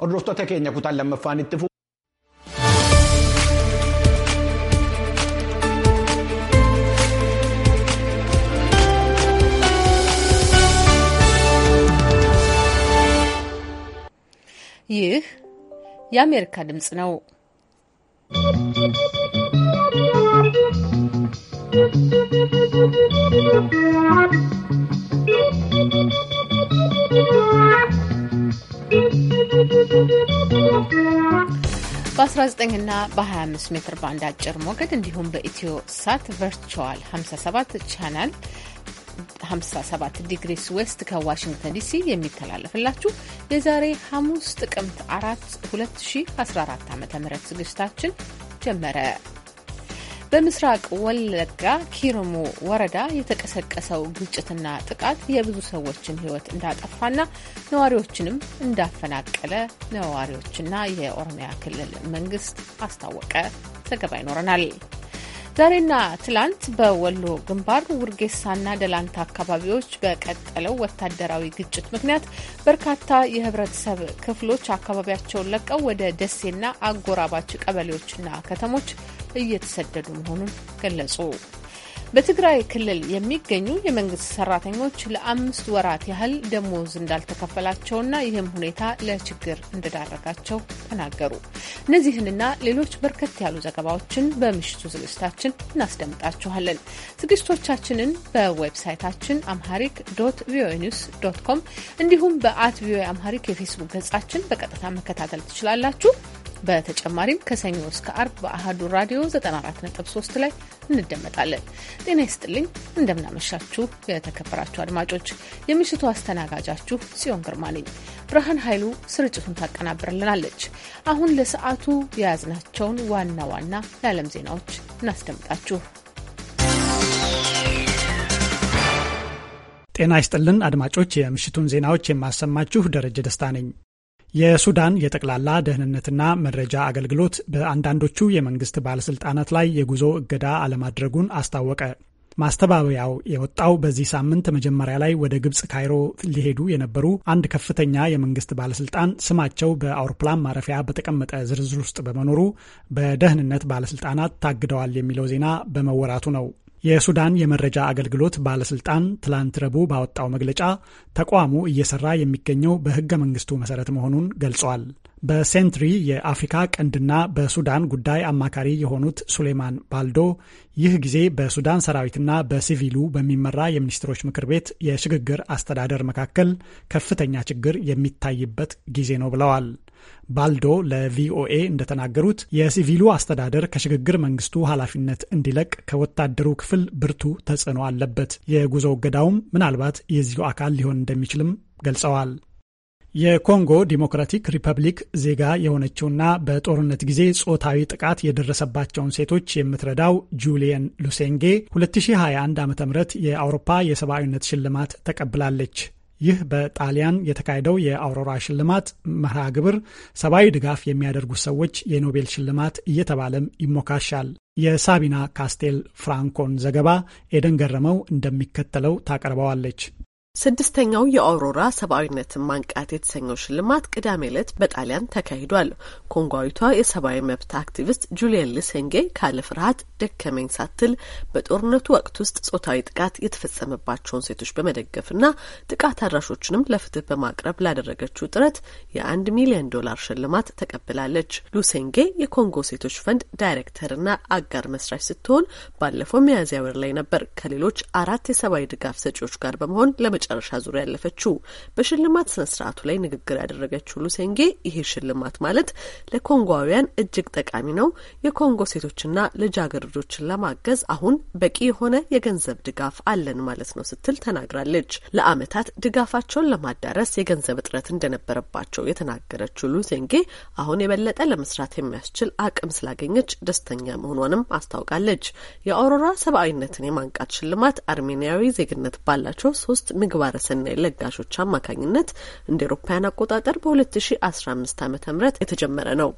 Hordoftoota keenya kutaan lammaffaan itti fuudhu. ይህ የአሜሪካ ድምፅ ነው። ¶¶ በ19 እና በ25 ሜትር ባንድ አጭር ሞገድ እንዲሁም በኢትዮ ሳት ቨርቹዋል 57 ቻናል 57 ዲግሪስ ዌስት ከዋሽንግተን ዲሲ የሚተላለፍላችሁ የዛሬ ሐሙስ ጥቅምት 4 2014 ዓ ም ዝግጅታችን ጀመረ። በምስራቅ ወለጋ ኪርሙ ወረዳ የተቀሰቀሰው ግጭትና ጥቃት የብዙ ሰዎችን ሕይወት እንዳጠፋና ነዋሪዎችንም እንዳፈናቀለ ነዋሪዎችና የኦሮሚያ ክልል መንግስት አስታወቀ። ዘገባ ይኖረናል። ዛሬና ትላንት በወሎ ግንባር ውርጌሳና ደላንታ አካባቢዎች በቀጠለው ወታደራዊ ግጭት ምክንያት በርካታ የህብረተሰብ ክፍሎች አካባቢያቸውን ለቀው ወደ ደሴና አጎራባች ቀበሌዎችና ከተሞች እየተሰደዱ መሆኑን ገለጹ። በትግራይ ክልል የሚገኙ የመንግስት ሰራተኞች ለአምስት ወራት ያህል ደሞዝ እንዳልተከፈላቸውና ይህም ሁኔታ ለችግር እንደዳረጋቸው ተናገሩ። እነዚህንና ሌሎች በርከት ያሉ ዘገባዎችን በምሽቱ ዝግጅታችን እናስደምጣችኋለን። ዝግጅቶቻችንን በዌብሳይታችን አምሃሪክ ዶት ቪኦኤ ኒውስ ዶት ኮም እንዲሁም በአት ቪኦኤ አምሃሪክ የፌስቡክ ገጻችን በቀጥታ መከታተል ትችላላችሁ። በተጨማሪም ከሰኞ እስከ አርብ በአህዱ ራዲዮ 94.3 ላይ እንደመጣለን። ጤና ይስጥልኝ፣ እንደምናመሻችሁ የተከበራችሁ አድማጮች፣ የምሽቱ አስተናጋጃችሁ ጽዮን ግርማ ነኝ። ብርሃን ኃይሉ ስርጭቱን ታቀናብርልናለች። አሁን ለሰዓቱ የያዝናቸውን ዋና ዋና የዓለም ዜናዎች እናስደምጣችሁ። ጤና ይስጥልን አድማጮች፣ የምሽቱን ዜናዎች የማሰማችሁ ደረጀ ደስታ ነኝ። የሱዳን የጠቅላላ ደህንነትና መረጃ አገልግሎት በአንዳንዶቹ የመንግስት ባለስልጣናት ላይ የጉዞ እገዳ አለማድረጉን አስታወቀ። ማስተባበያው የወጣው በዚህ ሳምንት መጀመሪያ ላይ ወደ ግብፅ ካይሮ ሊሄዱ የነበሩ አንድ ከፍተኛ የመንግስት ባለስልጣን ስማቸው በአውሮፕላን ማረፊያ በተቀመጠ ዝርዝር ውስጥ በመኖሩ በደህንነት ባለስልጣናት ታግደዋል የሚለው ዜና በመወራቱ ነው። የሱዳን የመረጃ አገልግሎት ባለስልጣን ትላንት ረቡዕ ባወጣው መግለጫ ተቋሙ እየሰራ የሚገኘው በህገ መንግስቱ መሰረት መሆኑን ገልጿል። በሴንትሪ የአፍሪካ ቀንድና በሱዳን ጉዳይ አማካሪ የሆኑት ሱሌማን ባልዶ ይህ ጊዜ በሱዳን ሰራዊትና በሲቪሉ በሚመራ የሚኒስትሮች ምክር ቤት የሽግግር አስተዳደር መካከል ከፍተኛ ችግር የሚታይበት ጊዜ ነው ብለዋል። ባልዶ ለቪኦኤ እንደተናገሩት የሲቪሉ አስተዳደር ከሽግግር መንግስቱ ኃላፊነት እንዲለቅ ከወታደሩ ክፍል ብርቱ ተጽዕኖ አለበት። የጉዞ እገዳውም ምናልባት የዚሁ አካል ሊሆን እንደሚችልም ገልጸዋል። የኮንጎ ዲሞክራቲክ ሪፐብሊክ ዜጋ የሆነችውና በጦርነት ጊዜ ጾታዊ ጥቃት የደረሰባቸውን ሴቶች የምትረዳው ጁሊየን ሉሴንጌ 2021 ዓ ም የአውሮፓ የሰብአዊነት ሽልማት ተቀብላለች። ይህ በጣሊያን የተካሄደው የአውሮራ ሽልማት መርሃ ግብር ሰብአዊ ድጋፍ የሚያደርጉ ሰዎች የኖቤል ሽልማት እየተባለም ይሞካሻል። የሳቢና ካስቴል ፍራንኮን ዘገባ ኤደን ገረመው እንደሚከተለው ታቀርበዋለች። ስድስተኛው የአውሮራ ሰብአዊነትን ማንቃት የተሰኘው ሽልማት ቅዳሜ ዕለት በጣሊያን ተካሂዷል። ኮንጓዊቷ የሰብአዊ መብት አክቲቪስት ጁሊየን ልሴንጌ ካለ ፍርሃት ደከመኝ ሳትል በጦርነቱ ወቅት ውስጥ ጾታዊ ጥቃት የተፈጸመባቸውን ሴቶች በመደገፍና ጥቃት አድራሾችንም ለፍትህ በማቅረብ ላደረገችው ጥረት የአንድ ሚሊዮን ዶላር ሽልማት ተቀብላለች። ሉሴንጌ የኮንጎ ሴቶች ፈንድ ዳይሬክተርና አጋር መስራች ስትሆን ባለፈው ሚያዝያ ወር ላይ ነበር ከሌሎች አራት የሰብአዊ ድጋፍ ሰጪዎች ጋር በመሆን መጨረሻ ዙሪያ ያለፈችው። በሽልማት ስነ ስርዓቱ ላይ ንግግር ያደረገችው ሉሴንጌ ይሄ ሽልማት ማለት ለኮንጓውያን እጅግ ጠቃሚ ነው፣ የኮንጎ ሴቶችና ልጃገረዶችን ለማገዝ አሁን በቂ የሆነ የገንዘብ ድጋፍ አለን ማለት ነው ስትል ተናግራለች። ለአመታት ድጋፋቸውን ለማዳረስ የገንዘብ እጥረት እንደነበረባቸው የተናገረችው ሉሴንጌ አሁን የበለጠ ለመስራት የሚያስችል አቅም ስላገኘች ደስተኛ መሆኗንም አስታውቃለች። የአውሮራ ሰብአዊነትን የማንቃት ሽልማት አርሜኒያዊ ዜግነት ባላቸው ሶስት ምግባረ ሰናይ ለጋሾች አማካኝነት እንደ ኤሮፓያን አቆጣጠር በ2015 ዓ ም የተጀመረ ነው።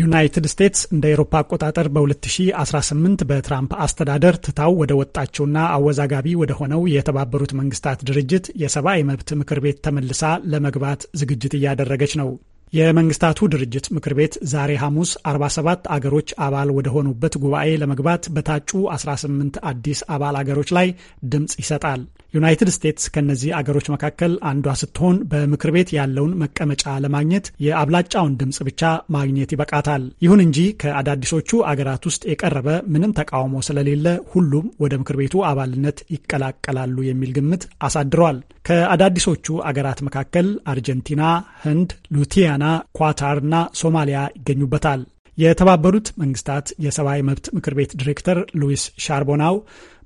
ዩናይትድ ስቴትስ እንደ ኤሮፓ አቆጣጠር በ2018 በትራምፕ አስተዳደር ትታው ወደ ወጣችውና አወዛጋቢ ወደ ሆነው የተባበሩት መንግስታት ድርጅት የሰብአዊ መብት ምክር ቤት ተመልሳ ለመግባት ዝግጅት እያደረገች ነው። የመንግስታቱ ድርጅት ምክር ቤት ዛሬ ሐሙስ 47 አገሮች አባል ወደሆኑበት ጉባኤ ለመግባት በታጩ 18 አዲስ አባል አገሮች ላይ ድምፅ ይሰጣል። ዩናይትድ ስቴትስ ከእነዚህ አገሮች መካከል አንዷ ስትሆን በምክር ቤት ያለውን መቀመጫ ለማግኘት የአብላጫውን ድምፅ ብቻ ማግኘት ይበቃታል። ይሁን እንጂ ከአዳዲሶቹ አገራት ውስጥ የቀረበ ምንም ተቃውሞ ስለሌለ ሁሉም ወደ ምክር ቤቱ አባልነት ይቀላቀላሉ የሚል ግምት አሳድሯል። ከአዳዲሶቹ አገራት መካከል አርጀንቲና፣ ህንድ፣ ሉቲያና፣ እና ሶማሊያ ይገኙበታል። የተባበሩት መንግስታት የሰብአዊ መብት ምክር ቤት ዲሬክተር ሉዊስ ሻርቦናው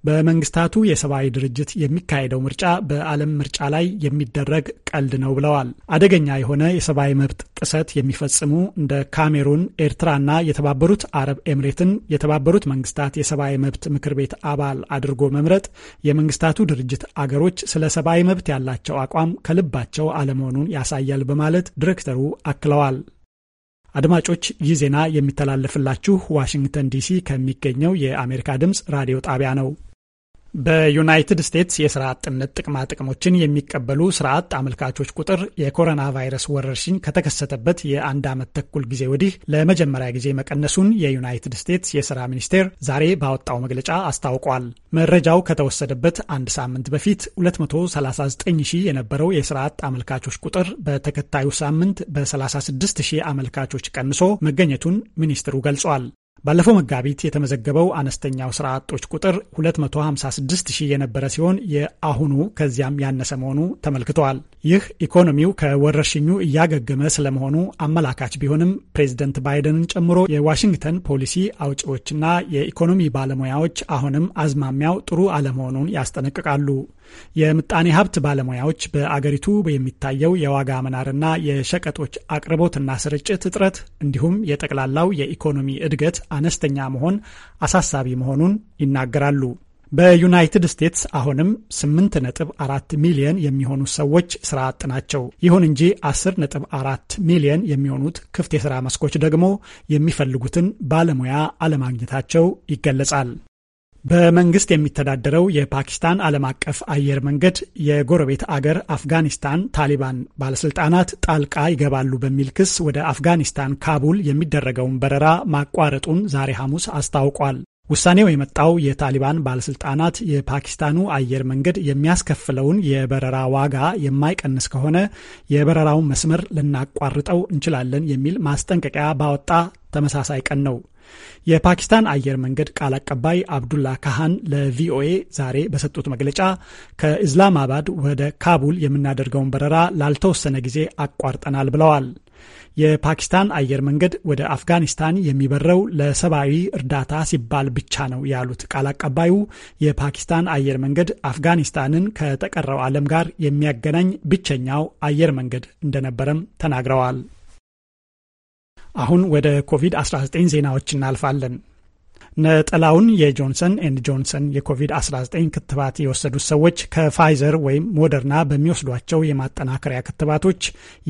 በመንግስታቱ የሰብአዊ ድርጅት የሚካሄደው ምርጫ በዓለም ምርጫ ላይ የሚደረግ ቀልድ ነው ብለዋል። አደገኛ የሆነ የሰብአዊ መብት ጥሰት የሚፈጽሙ እንደ ካሜሩን፣ ኤርትራና የተባበሩት አረብ ኤምሬትን የተባበሩት መንግስታት የሰብአዊ መብት ምክር ቤት አባል አድርጎ መምረጥ የመንግስታቱ ድርጅት አገሮች ስለ ሰብአዊ መብት ያላቸው አቋም ከልባቸው አለመሆኑን ያሳያል በማለት ዲሬክተሩ አክለዋል። አድማጮች ይህ ዜና የሚተላለፍላችሁ ዋሽንግተን ዲሲ ከሚገኘው የአሜሪካ ድምፅ ራዲዮ ጣቢያ ነው። በዩናይትድ ስቴትስ የስራ አጥነት ጥቅማ ጥቅሞችን የሚቀበሉ ስራ አጥ አመልካቾች ቁጥር የኮሮና ቫይረስ ወረርሽኝ ከተከሰተበት የአንድ ዓመት ተኩል ጊዜ ወዲህ ለመጀመሪያ ጊዜ መቀነሱን የዩናይትድ ስቴትስ የስራ ሚኒስቴር ዛሬ ባወጣው መግለጫ አስታውቋል። መረጃው ከተወሰደበት አንድ ሳምንት በፊት 239 ሺህ የነበረው የስራ አጥ አመልካቾች ቁጥር በተከታዩ ሳምንት በ36 ሺህ አመልካቾች ቀንሶ መገኘቱን ሚኒስትሩ ገልጿል። ባለፈው መጋቢት የተመዘገበው አነስተኛው ስራ አጦች ቁጥር 256 ሺህ የነበረ ሲሆን የአሁኑ ከዚያም ያነሰ መሆኑ ተመልክተዋል። ይህ ኢኮኖሚው ከወረርሽኙ እያገገመ ስለመሆኑ አመላካች ቢሆንም ፕሬዚደንት ባይደንን ጨምሮ የዋሽንግተን ፖሊሲ አውጪዎችና የኢኮኖሚ ባለሙያዎች አሁንም አዝማሚያው ጥሩ አለመሆኑን ያስጠነቅቃሉ። የምጣኔ ሀብት ባለሙያዎች በአገሪቱ የሚታየው የዋጋ መናርና የሸቀጦች አቅርቦትና ስርጭት እጥረት እንዲሁም የጠቅላላው የኢኮኖሚ እድገት አነስተኛ መሆን አሳሳቢ መሆኑን ይናገራሉ። በዩናይትድ ስቴትስ አሁንም 8.4 ሚሊየን የሚሆኑ ሰዎች ስራ አጥ ናቸው። ይሁን እንጂ 10.4 ሚሊየን የሚሆኑት ክፍት የስራ መስኮች ደግሞ የሚፈልጉትን ባለሙያ አለማግኘታቸው ይገለጻል። በመንግስት የሚተዳደረው የፓኪስታን ዓለም አቀፍ አየር መንገድ የጎረቤት አገር አፍጋኒስታን ታሊባን ባለስልጣናት ጣልቃ ይገባሉ በሚል ክስ ወደ አፍጋኒስታን ካቡል የሚደረገውን በረራ ማቋረጡን ዛሬ ሐሙስ አስታውቋል። ውሳኔው የመጣው የታሊባን ባለስልጣናት የፓኪስታኑ አየር መንገድ የሚያስከፍለውን የበረራ ዋጋ የማይቀንስ ከሆነ የበረራውን መስመር ልናቋርጠው እንችላለን የሚል ማስጠንቀቂያ ባወጣ ተመሳሳይ ቀን ነው። የፓኪስታን አየር መንገድ ቃል አቀባይ አብዱላ ካሃን ለቪኦኤ ዛሬ በሰጡት መግለጫ ከኢስላማባድ ወደ ካቡል የምናደርገውን በረራ ላልተወሰነ ጊዜ አቋርጠናል ብለዋል። የፓኪስታን አየር መንገድ ወደ አፍጋኒስታን የሚበረው ለሰብአዊ እርዳታ ሲባል ብቻ ነው ያሉት ቃል አቀባዩ የፓኪስታን አየር መንገድ አፍጋኒስታንን ከተቀረው ዓለም ጋር የሚያገናኝ ብቸኛው አየር መንገድ እንደነበረም ተናግረዋል። አሁን ወደ ኮቪድ-19 ዜናዎች እናልፋለን። ነጠላውን የጆንሰን ኤንድ ጆንሰን የኮቪድ-19 ክትባት የወሰዱት ሰዎች ከፋይዘር ወይም ሞደርና በሚወስዷቸው የማጠናከሪያ ክትባቶች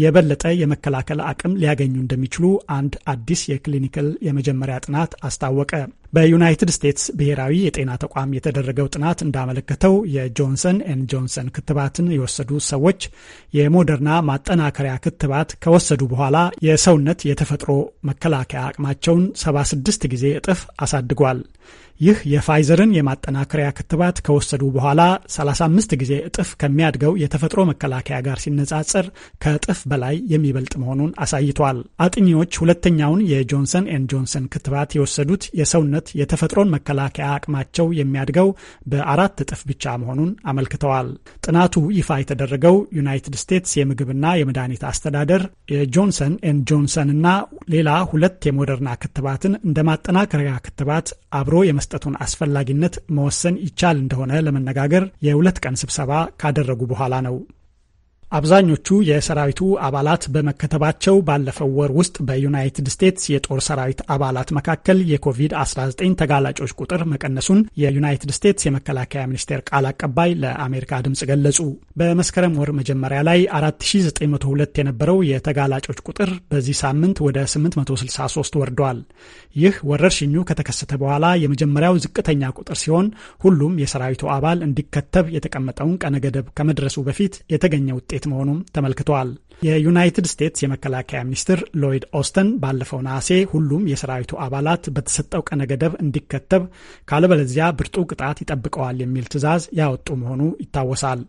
የበለጠ የመከላከል አቅም ሊያገኙ እንደሚችሉ አንድ አዲስ የክሊኒካል የመጀመሪያ ጥናት አስታወቀ። በዩናይትድ ስቴትስ ብሔራዊ የጤና ተቋም የተደረገው ጥናት እንዳመለከተው የጆንሰን ኤን ጆንሰን ክትባትን የወሰዱ ሰዎች የሞደርና ማጠናከሪያ ክትባት ከወሰዱ በኋላ የሰውነት የተፈጥሮ መከላከያ አቅማቸውን 76 ጊዜ እጥፍ አሳድጓል። ይህ የፋይዘርን የማጠናከሪያ ክትባት ከወሰዱ በኋላ 35 ጊዜ እጥፍ ከሚያድገው የተፈጥሮ መከላከያ ጋር ሲነጻጸር ከእጥፍ በላይ የሚበልጥ መሆኑን አሳይቷል። አጥኚዎች ሁለተኛውን የጆንሰን ኤን ጆንሰን ክትባት የወሰዱት የሰውነት የተፈጥሮን መከላከያ አቅማቸው የሚያድገው በአራት እጥፍ ብቻ መሆኑን አመልክተዋል። ጥናቱ ይፋ የተደረገው ዩናይትድ ስቴትስ የምግብና የመድኃኒት አስተዳደር የጆንሰን ኤን ጆንሰን እና ሌላ ሁለት የሞደርና ክትባትን እንደ ማጠናከሪያ ክትባት አብሮ የመ የመስጠቱን አስፈላጊነት መወሰን ይቻል እንደሆነ ለመነጋገር የሁለት ቀን ስብሰባ ካደረጉ በኋላ ነው። አብዛኞቹ የሰራዊቱ አባላት በመከተባቸው ባለፈው ወር ውስጥ በዩናይትድ ስቴትስ የጦር ሰራዊት አባላት መካከል የኮቪድ-19 ተጋላጮች ቁጥር መቀነሱን የዩናይትድ ስቴትስ የመከላከያ ሚኒስቴር ቃል አቀባይ ለአሜሪካ ድምፅ ገለጹ። በመስከረም ወር መጀመሪያ ላይ 4902 የነበረው የተጋላጮች ቁጥር በዚህ ሳምንት ወደ 863 ወርዷል። ይህ ወረርሽኙ ከተከሰተ በኋላ የመጀመሪያው ዝቅተኛ ቁጥር ሲሆን ሁሉም የሰራዊቱ አባል እንዲከተብ የተቀመጠውን ቀነ ገደብ ከመድረሱ በፊት የተገኘ ውጤት ውጤት መሆኑም ተመልክቷል። የዩናይትድ ስቴትስ የመከላከያ ሚኒስትር ሎይድ ኦስተን ባለፈው ነሐሴ ሁሉም የሰራዊቱ አባላት በተሰጠው ቀነ ገደብ እንዲከተብ ካለበለዚያ ብርቱ ቅጣት ይጠብቀዋል የሚል ትዕዛዝ ያወጡ መሆኑ ይታወሳል።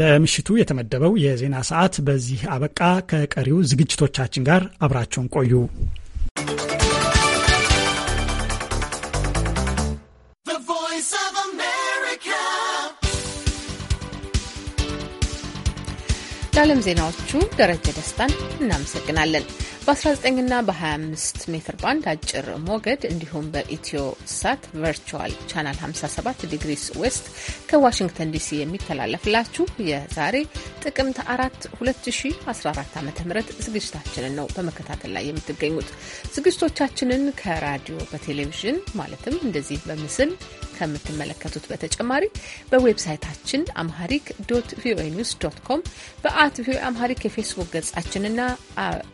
ለምሽቱ የተመደበው የዜና ሰዓት በዚህ አበቃ። ከቀሪው ዝግጅቶቻችን ጋር አብራችሁን ቆዩ። ለዓለም ዜናዎቹ ደረጀ ደስታን እናመሰግናለን። በ19ና በ25 ሜትር ባንድ አጭር ሞገድ እንዲሁም በኢትዮ ሳት ቨርቹዋል ቻናል 57 ዲግሪስ ዌስት ከዋሽንግተን ዲሲ የሚተላለፍላችሁ የዛሬ ጥቅምት 4 2014 ዓ ም ዝግጅታችንን ነው በመከታተል ላይ የምትገኙት። ዝግጅቶቻችንን ከራዲዮ በቴሌቪዥን ማለትም እንደዚህ በምስል ከምትመለከቱት በተጨማሪ በዌብሳይታችን አምሃሪክ ዶት ቪኦኤ ኒውስ ዶት ኮም በአት ቪኦኤ አምሃሪክ የፌስቡክ ገጻችንና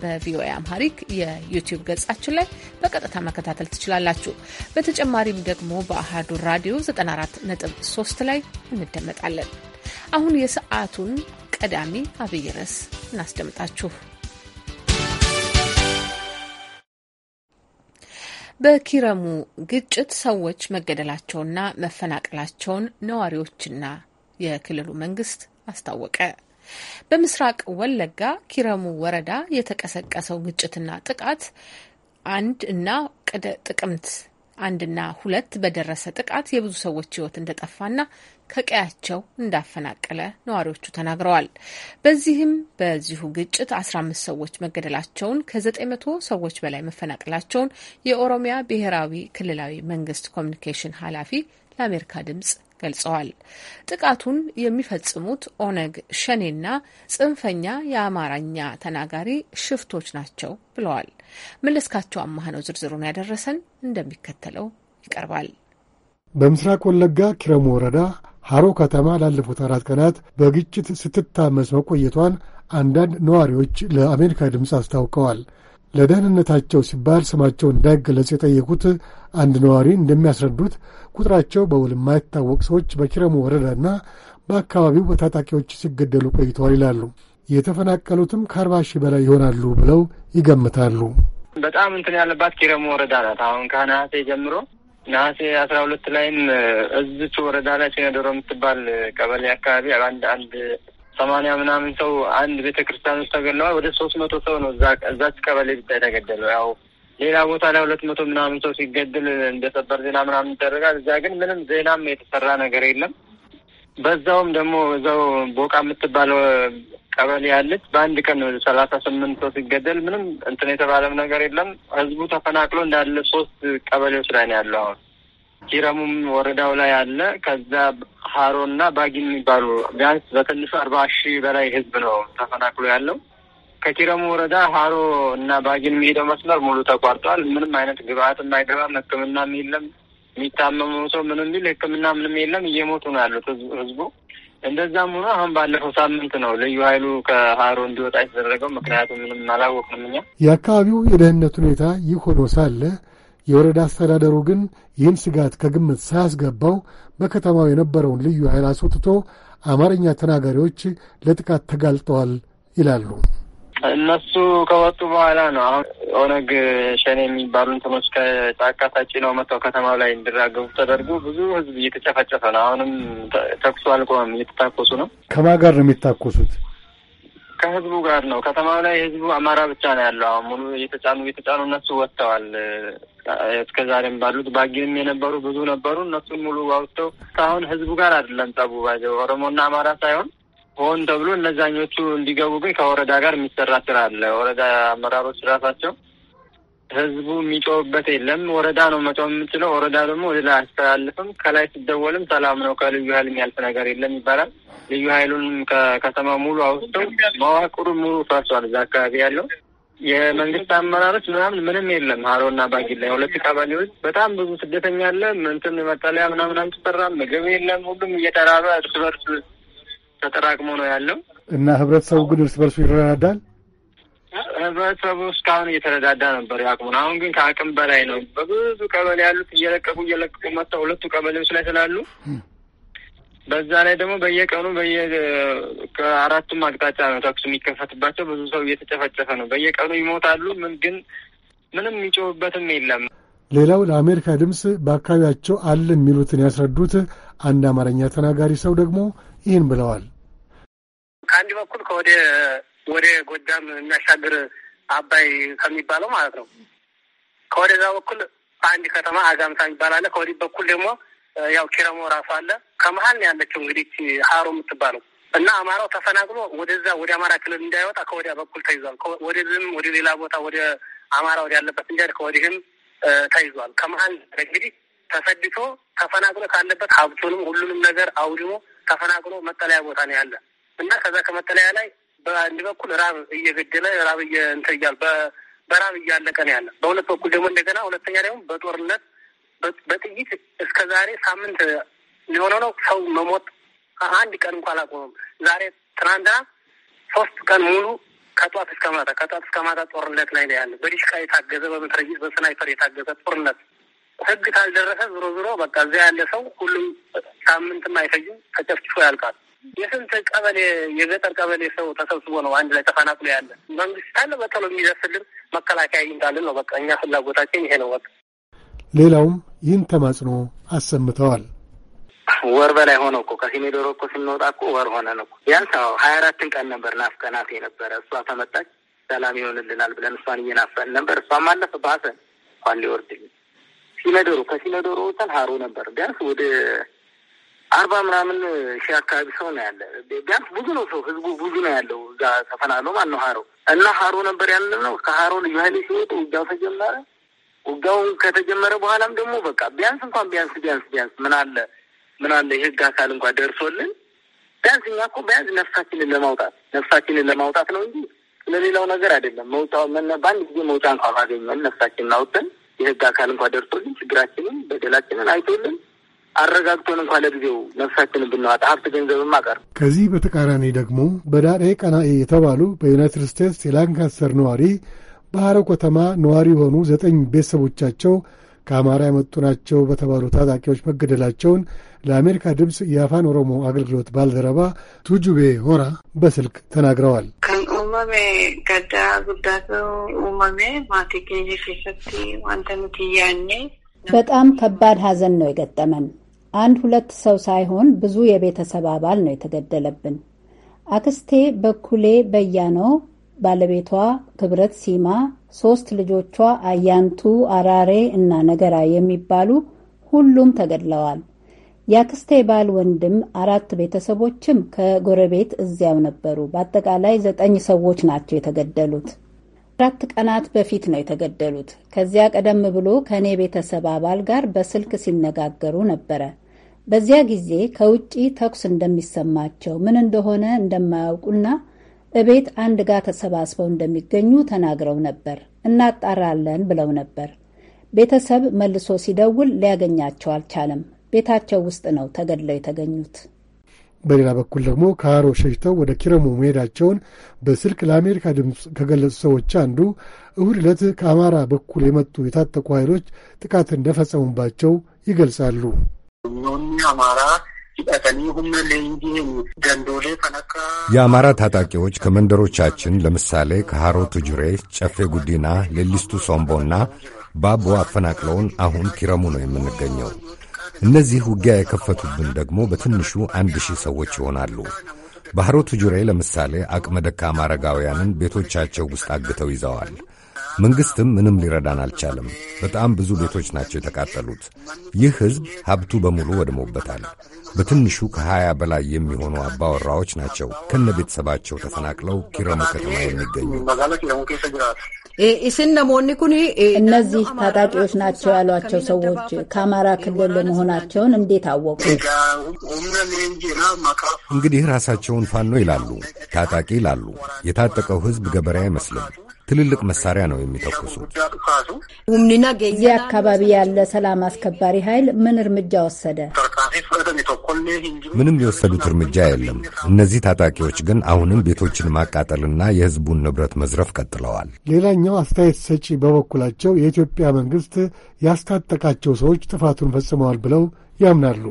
በቪኦኤ አምሃሪክ የዩቲዩብ ገጻችን ላይ በቀጥታ መከታተል ትችላላችሁ። በተጨማሪም ደግሞ በአህዱ ራዲዮ 94.3 ላይ እንደመጣለን። አሁን የሰዓቱን ቀዳሚ አብይ ርዕስ እናስደምጣችሁ። በኪረሙ ግጭት ሰዎች መገደላቸውና መፈናቀላቸውን ነዋሪዎችና የክልሉ መንግስት አስታወቀ። በምስራቅ ወለጋ ኪረሙ ወረዳ የተቀሰቀሰው ግጭትና ጥቃት አንድ እና ቅደ ጥቅምት አንድና ሁለት በደረሰ ጥቃት የብዙ ሰዎች ህይወት እንደጠፋና ከቀያቸው እንዳፈናቀለ ነዋሪዎቹ ተናግረዋል። በዚህም በዚሁ ግጭት 15 ሰዎች መገደላቸውን ከ900 ሰዎች በላይ መፈናቀላቸውን የኦሮሚያ ብሔራዊ ክልላዊ መንግስት ኮሚኒኬሽን ኃላፊ ለአሜሪካ ድምጽ ገልጸዋል። ጥቃቱን የሚፈጽሙት ኦነግ ሸኔና ጽንፈኛ የአማርኛ ተናጋሪ ሽፍቶች ናቸው ብለዋል። መለስካቸው አማህ ነው ዝርዝሩን ያደረሰን፣ እንደሚከተለው ይቀርባል። በምስራቅ ወለጋ ኪረሙ ወረዳ ሐሮ ከተማ ላለፉት አራት ቀናት በግጭት ስትታመስ መቆየቷን አንዳንድ ነዋሪዎች ለአሜሪካ ድምፅ አስታውቀዋል። ለደህንነታቸው ሲባል ስማቸው እንዳይገለጽ የጠየቁት አንድ ነዋሪ እንደሚያስረዱት ቁጥራቸው በውል የማይታወቅ ሰዎች በኪረሙ ወረዳና በአካባቢው በታጣቂዎች ሲገደሉ ቆይተዋል ይላሉ። የተፈናቀሉትም ከአርባ ሺህ በላይ ይሆናሉ ብለው ይገምታሉ። በጣም እንትን ያለባት ኪረሙ ወረዳ ናት። አሁን ከነሐሴ ጀምሮ ነሐሴ አስራ ሁለት ላይም እዝቹ ወረዳ ላይ ሲነደሮ የምትባል ቀበሌ አካባቢ አንድ አንድ ሰማንያ ምናምን ሰው አንድ ቤተ ክርስቲያን ውስጥ ተገለዋል። ወደ ሶስት መቶ ሰው ነው እዛች ቀበሌ ብቻ የተገደለው። ያው ሌላ ቦታ ላይ ሁለት መቶ ምናምን ሰው ሲገድል እንደ ሰበር ዜና ምናምን ይደረጋል። እዚያ ግን ምንም ዜናም የተሰራ ነገር የለም። በዛውም ደግሞ እዛው ቦቃ የምትባለው ቀበሌ ያለች በአንድ ቀን ነው ሰላሳ ስምንት ሰው ሲገደል ምንም እንትን የተባለም ነገር የለም። ህዝቡ ተፈናቅሎ እንዳለ ሶስት ቀበሌዎች ላይ ነው ያለው አሁን ኪረሙም ወረዳው ላይ አለ። ከዛ ሀሮና ባጊ የሚባሉ ቢያንስ በትንሹ አርባ ሺህ በላይ ህዝብ ነው ተፈናቅሎ ያለው። ከኪረሙ ወረዳ ሀሮ እና ባጊን የሚሄደው መስመር ሙሉ ተቋርጧል። ምንም አይነት ግብአት አይገባም። ህክምና የለም። የሚታመሙ ሰው ምንም ቢል ህክምና ምንም የለም። እየሞቱ ነው ያሉት ህዝቡ። እንደዛም ሆኖ አሁን ባለፈው ሳምንት ነው ልዩ ኃይሉ ከሀሮ እንዲወጣ የተደረገው። ምክንያቱም ምንም አላወቅንም እኛ የአካባቢው የደህንነት ሁኔታ ይህ ሆኖ ሳለ የወረዳ አስተዳደሩ ግን ይህን ስጋት ከግምት ሳያስገባው በከተማው የነበረውን ልዩ ኃይል አስወጥቶ አማርኛ ተናጋሪዎች ለጥቃት ተጋልጠዋል ይላሉ። እነሱ ከወጡ በኋላ ነው አሁን ኦነግ ሸኔ የሚባሉ እንትኖች ከጫካ ነው መጥተው ከተማው ላይ እንዲራገቡ ተደርጎ ብዙ ህዝብ እየተጨፈጨፈ ነው። አሁንም ተኩሱ አልቆም፣ እየተታኮሱ ነው። ከማን ጋር ነው የሚታኮሱት? ከህዝቡ ጋር ነው። ከተማው ላይ ህዝቡ አማራ ብቻ ነው ያለው። አሁን ሙሉ እየተጫኑ እየተጫኑ እነሱ ወጥተዋል። እስከ ዛሬም ባሉት ባጊንም የነበሩ ብዙ ነበሩ። እነሱን ሙሉ አውጥተው አሁን ህዝቡ ጋር አይደለም ጸቡ ባይዘው ኦሮሞና አማራ ሳይሆን ሆን ተብሎ እነዛኞቹ እንዲገቡ ግን ከወረዳ ጋር የሚሰራ ስራ አለ። ወረዳ አመራሮች ራሳቸው ህዝቡ የሚጮህበት የለም። ወረዳ ነው መጮህ የምችለው። ወረዳ ደግሞ ወደ ላይ አስተላልፍም። ከላይ ሲደወልም ሰላም ነው፣ ከልዩ ኃይል የሚያልፍ ነገር የለም ይባላል። ልዩ ኃይሉንም ከከተማ ሙሉ አውጥተው መዋቅሩ ሙሉ ፈርሷል። እዛ አካባቢ ያለው የመንግስት አመራሮች ምናምን ምንም የለም። ሀሮና ባጊላ ሁለት ቀበሌዎች በጣም ብዙ ስደተኛ አለ። ምንትን መጠለያ ምናምን አልተሰራም። ምግብ የለም። ሁሉም እየተራበ እርስ በርስ ተጠራቅሞ ነው ያለው እና ህብረተሰቡ ግን እርስ በርሱ ይረዳዳል ህብረተሰቡ እስካሁን እየተረዳዳ ነበር የአቅሙን። አሁን ግን ከአቅም በላይ ነው። በብዙ ቀበሌ ያሉት እየለቀቁ እየለቀቁ መጥተው ሁለቱ ቀበሌዎች ላይ ስላሉ በዛ ላይ ደግሞ በየቀኑ በየ ከአራቱም አቅጣጫ ነው ተኩስ የሚከፈትባቸው። ብዙ ሰው እየተጨፈጨፈ ነው። በየቀኑ ይሞታሉ። ምን ግን ምንም የሚጮህበትም የለም። ሌላው ለአሜሪካ ድምፅ በአካባቢያቸው አለ የሚሉትን ያስረዱት አንድ አማርኛ ተናጋሪ ሰው ደግሞ ይህን ብለዋል። ከአንድ በኩል ከወደ ወደ ጎጃም የሚያሻግር አባይ ከሚባለው ማለት ነው። ከወደዛ በኩል አንድ ከተማ አጋምታ የሚባል አለ። ከወዲህ በኩል ደግሞ ያው ኪረሞ ራሱ አለ። ከመሀል ያለችው እንግዲህ ሀሮ የምትባለው እና አማራው ተፈናቅሎ ወደዛ ወደ አማራ ክልል እንዳይወጣ ከወዲያ በኩል ተይዟል። ወደዚህም ወደ ሌላ ቦታ ወደ አማራ ወደ ያለበት እንዲ ከወዲህም ተይዟል። ከመሀል እንግዲህ ተሰድቶ ተፈናቅሎ ካለበት ሀብቱንም ሁሉንም ነገር አውድሞ ተፈናቅሎ መጠለያ ቦታ ነው ያለ እና ከዛ ከመጠለያ ላይ በአንድ በኩል ራብ እየገደለ ራብ እንትን እያለ በራብ እያለቀ ነው ያለ። በሁለት በኩል ደግሞ እንደገና ሁለተኛ ደግሞ በጦርነት በጥይት እስከ ዛሬ ሳምንት ሊሆነ ነው ሰው መሞት አንድ ቀን እንኳ አላቆመም። ዛሬ ትናንትና ሶስት ቀን ሙሉ ከጧት እስከ ማታ ከጧት እስከ ማታ ጦርነት ላይ ነው ያለ። በዲሽቃ የታገዘ በመትረየስ በስናይፐር የታገዘ ጦርነት ህግ ካልደረሰ ዞሮ ዞሮ በቃ እዚያ ያለ ሰው ሁሉም ሳምንትም አይፈጅም ተጨፍጭፎ ያልቃል። የስንት ቀበሌ የገጠር ቀበሌ ሰው ተሰብስቦ ነው አንድ ላይ ተፈናቅሎ ያለ። መንግስት ካለ በቶሎ የሚደርስልን መከላከያ ይምጣልን ነው በቃ እኛ ፍላጎታችን ይሄ ነው። በቃ ሌላውም ይህን ተማጽኖ አሰምተዋል። ወር በላይ ሆነ እኮ ከሲሜዶሮ እኮ ስንወጣ እኮ ወር ሆነን እኮ ቢያንስ ሀያ አራትን ቀን ነበር ናፍቀናት የነበረ እሷ ተመጣች ሰላም ይሆንልናል ብለን እሷን እየናፈን ነበር። እሷም አለፈ ባሰን እንኳን ሊወርድልን ሲነደሮ ከሲነደሮ ወተን ሀሮ ነበር። ቢያንስ ወደ አርባ ምናምን ሺህ አካባቢ ሰው ነው ያለ። ቢያንስ ብዙ ነው ሰው ህዝቡ ብዙ ነው ያለው እዛ ተፈናሎ ማን ነው ሀሮ እና ሀሮ ነበር ያለ ነው። ከሀሮ ልዩ ኃይሌ ሲወጡ ውጊያው ተጀመረ። ውጊያውን ከተጀመረ በኋላም ደግሞ በቃ ቢያንስ እንኳን ቢያንስ ቢያንስ ቢያንስ ምን አለ ምን አለ የህግ አካል እንኳን ደርሶልን ቢያንስ እኛ እኮ ቢያንስ ነፍሳችንን ለማውጣት ነፍሳችንን ለማውጣት ነው እንጂ ስለሌላው ነገር አይደለም። መውጫ በአንድ ጊዜ መውጫ እንኳን አገኘን ነፍሳችንን አውጥተን የህግ አካል እንኳ ደርሶልን ችግራችንን በደላችንን አይቶልን አረጋግቶን እንኳ ለጊዜው ነፍሳችንን ብናዋጣ ሀብት ገንዘብም አቀር። ከዚህ በተቃራኒ ደግሞ በዳሬ ቀናኤ የተባሉ በዩናይትድ ስቴትስ የላንካስተር ነዋሪ በሐረር ከተማ ነዋሪ የሆኑ ዘጠኝ ቤተሰቦቻቸው ከአማራ የመጡ ናቸው በተባሉ ታጣቂዎች መገደላቸውን ለአሜሪካ ድምፅ የአፋን ኦሮሞ አገልግሎት ባልደረባ ቱጁቤ ሆራ በስልክ ተናግረዋል። uumame gaddaa guddaatu uumame maatii keenya keessatti wanta nuti በጣም ከባድ ሀዘን ነው የገጠመን። አንድ ሁለት ሰው ሳይሆን ብዙ የቤተሰብ አባል ነው የተገደለብን። አክስቴ በኩሌ በያኖ፣ ባለቤቷ ክብረት ሲማ፣ ሶስት ልጆቿ አያንቱ፣ አራሬ እና ነገራ የሚባሉ ሁሉም ተገድለዋል። የአክስቴ ባል ወንድም አራት ቤተሰቦችም ከጎረቤት እዚያው ነበሩ። በአጠቃላይ ዘጠኝ ሰዎች ናቸው የተገደሉት። አራት ቀናት በፊት ነው የተገደሉት። ከዚያ ቀደም ብሎ ከእኔ ቤተሰብ አባል ጋር በስልክ ሲነጋገሩ ነበረ። በዚያ ጊዜ ከውጪ ተኩስ እንደሚሰማቸው ምን እንደሆነ እንደማያውቁና እቤት አንድ ጋር ተሰባስበው እንደሚገኙ ተናግረው ነበር። እናጣራለን ብለው ነበር። ቤተሰብ መልሶ ሲደውል ሊያገኛቸው አልቻለም። ቤታቸው ውስጥ ነው ተገድለው የተገኙት። በሌላ በኩል ደግሞ ከሃሮ ሸሽተው ወደ ኪረሙ መሄዳቸውን በስልክ ለአሜሪካ ድምፅ ከገለጹ ሰዎች አንዱ እሁድ ዕለት ከአማራ በኩል የመጡ የታጠቁ ኃይሎች ጥቃት እንደፈጸሙባቸው ይገልጻሉ። የአማራ ታጣቂዎች ከመንደሮቻችን ለምሳሌ ከሃሮ ቱጁሬ፣ ጨፌ ጉዲና፣ ሌሊስቱ ሶምቦና ባቦ አፈናቅለውን አሁን ኪረሙ ነው የምንገኘው። እነዚህ ውጊያ የከፈቱብን ደግሞ በትንሹ አንድ ሺህ ሰዎች ይሆናሉ። ባህሮቱ ጁሬ ለምሳሌ አቅመ ደካማ አረጋውያንን ቤቶቻቸው ውስጥ አግተው ይዘዋል። መንግሥትም ምንም ሊረዳን አልቻለም። በጣም ብዙ ቤቶች ናቸው የተቃጠሉት። ይህ ሕዝብ ሀብቱ በሙሉ ወድሞበታል። በትንሹ ከሀያ በላይ የሚሆኑ አባወራዎች ናቸው ከነ ቤተሰባቸው ተፈናቅለው ኪረሙ ከተማ የሚገኙ እነዚህ ታጣቂዎች ናቸው ያሏቸው ሰዎች ከአማራ ክልል መሆናቸውን እንዴት አወቁ? እንግዲህ ራሳቸውን ፋኖ ይላሉ፣ ታጣቂ ይላሉ። የታጠቀው ህዝብ ገበሬ አይመስልም። ትልልቅ መሳሪያ ነው የሚተኩሱት። እዚህ አካባቢ ያለ ሰላም አስከባሪ ኃይል ምን እርምጃ ወሰደ? ምንም የወሰዱት እርምጃ የለም። እነዚህ ታጣቂዎች ግን አሁንም ቤቶችን ማቃጠልና የሕዝቡን ንብረት መዝረፍ ቀጥለዋል። ሌላኛው አስተያየት ሰጪ በበኩላቸው የኢትዮጵያ መንግሥት ያስታጠቃቸው ሰዎች ጥፋቱን ፈጽመዋል ብለው ያምናሉ።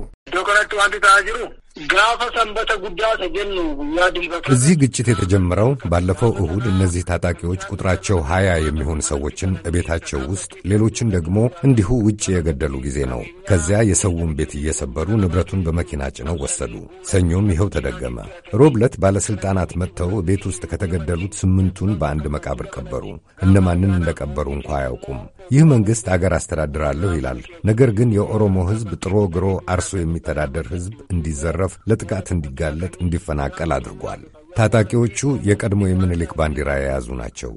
እዚህ ግጭት የተጀመረው ባለፈው እሁድ እነዚህ ታጣቂዎች ቁጥራቸው ሀያ የሚሆን ሰዎችን እቤታቸው ውስጥ ሌሎችን ደግሞ እንዲሁ ውጭ የገደሉ ጊዜ ነው። ከዚያ የሰውን ቤት እየሰበሩ ንብረቱን በመኪና ጭነው ወሰዱ። ሰኞም ይኸው ተደገመ። ሮብለት ዕለት ባለሥልጣናት መጥተው ቤት ውስጥ ከተገደሉት ስምንቱን በአንድ መቃብር ቀበሩ። እነማንን እንደቀበሩ እንኳ አያውቁም። ይህ መንግሥት አገር አስተዳድራለሁ ይላል። ነገር ግን የኦሮሞ ሕዝብ ጥሮ ግሮ አርሶ የሚተዳደር ሕዝብ እንዲዘረፍ በመዝረፍ ለጥቃት እንዲጋለጥ፣ እንዲፈናቀል አድርጓል። ታጣቂዎቹ የቀድሞ የምኒልክ ባንዲራ የያዙ ናቸው።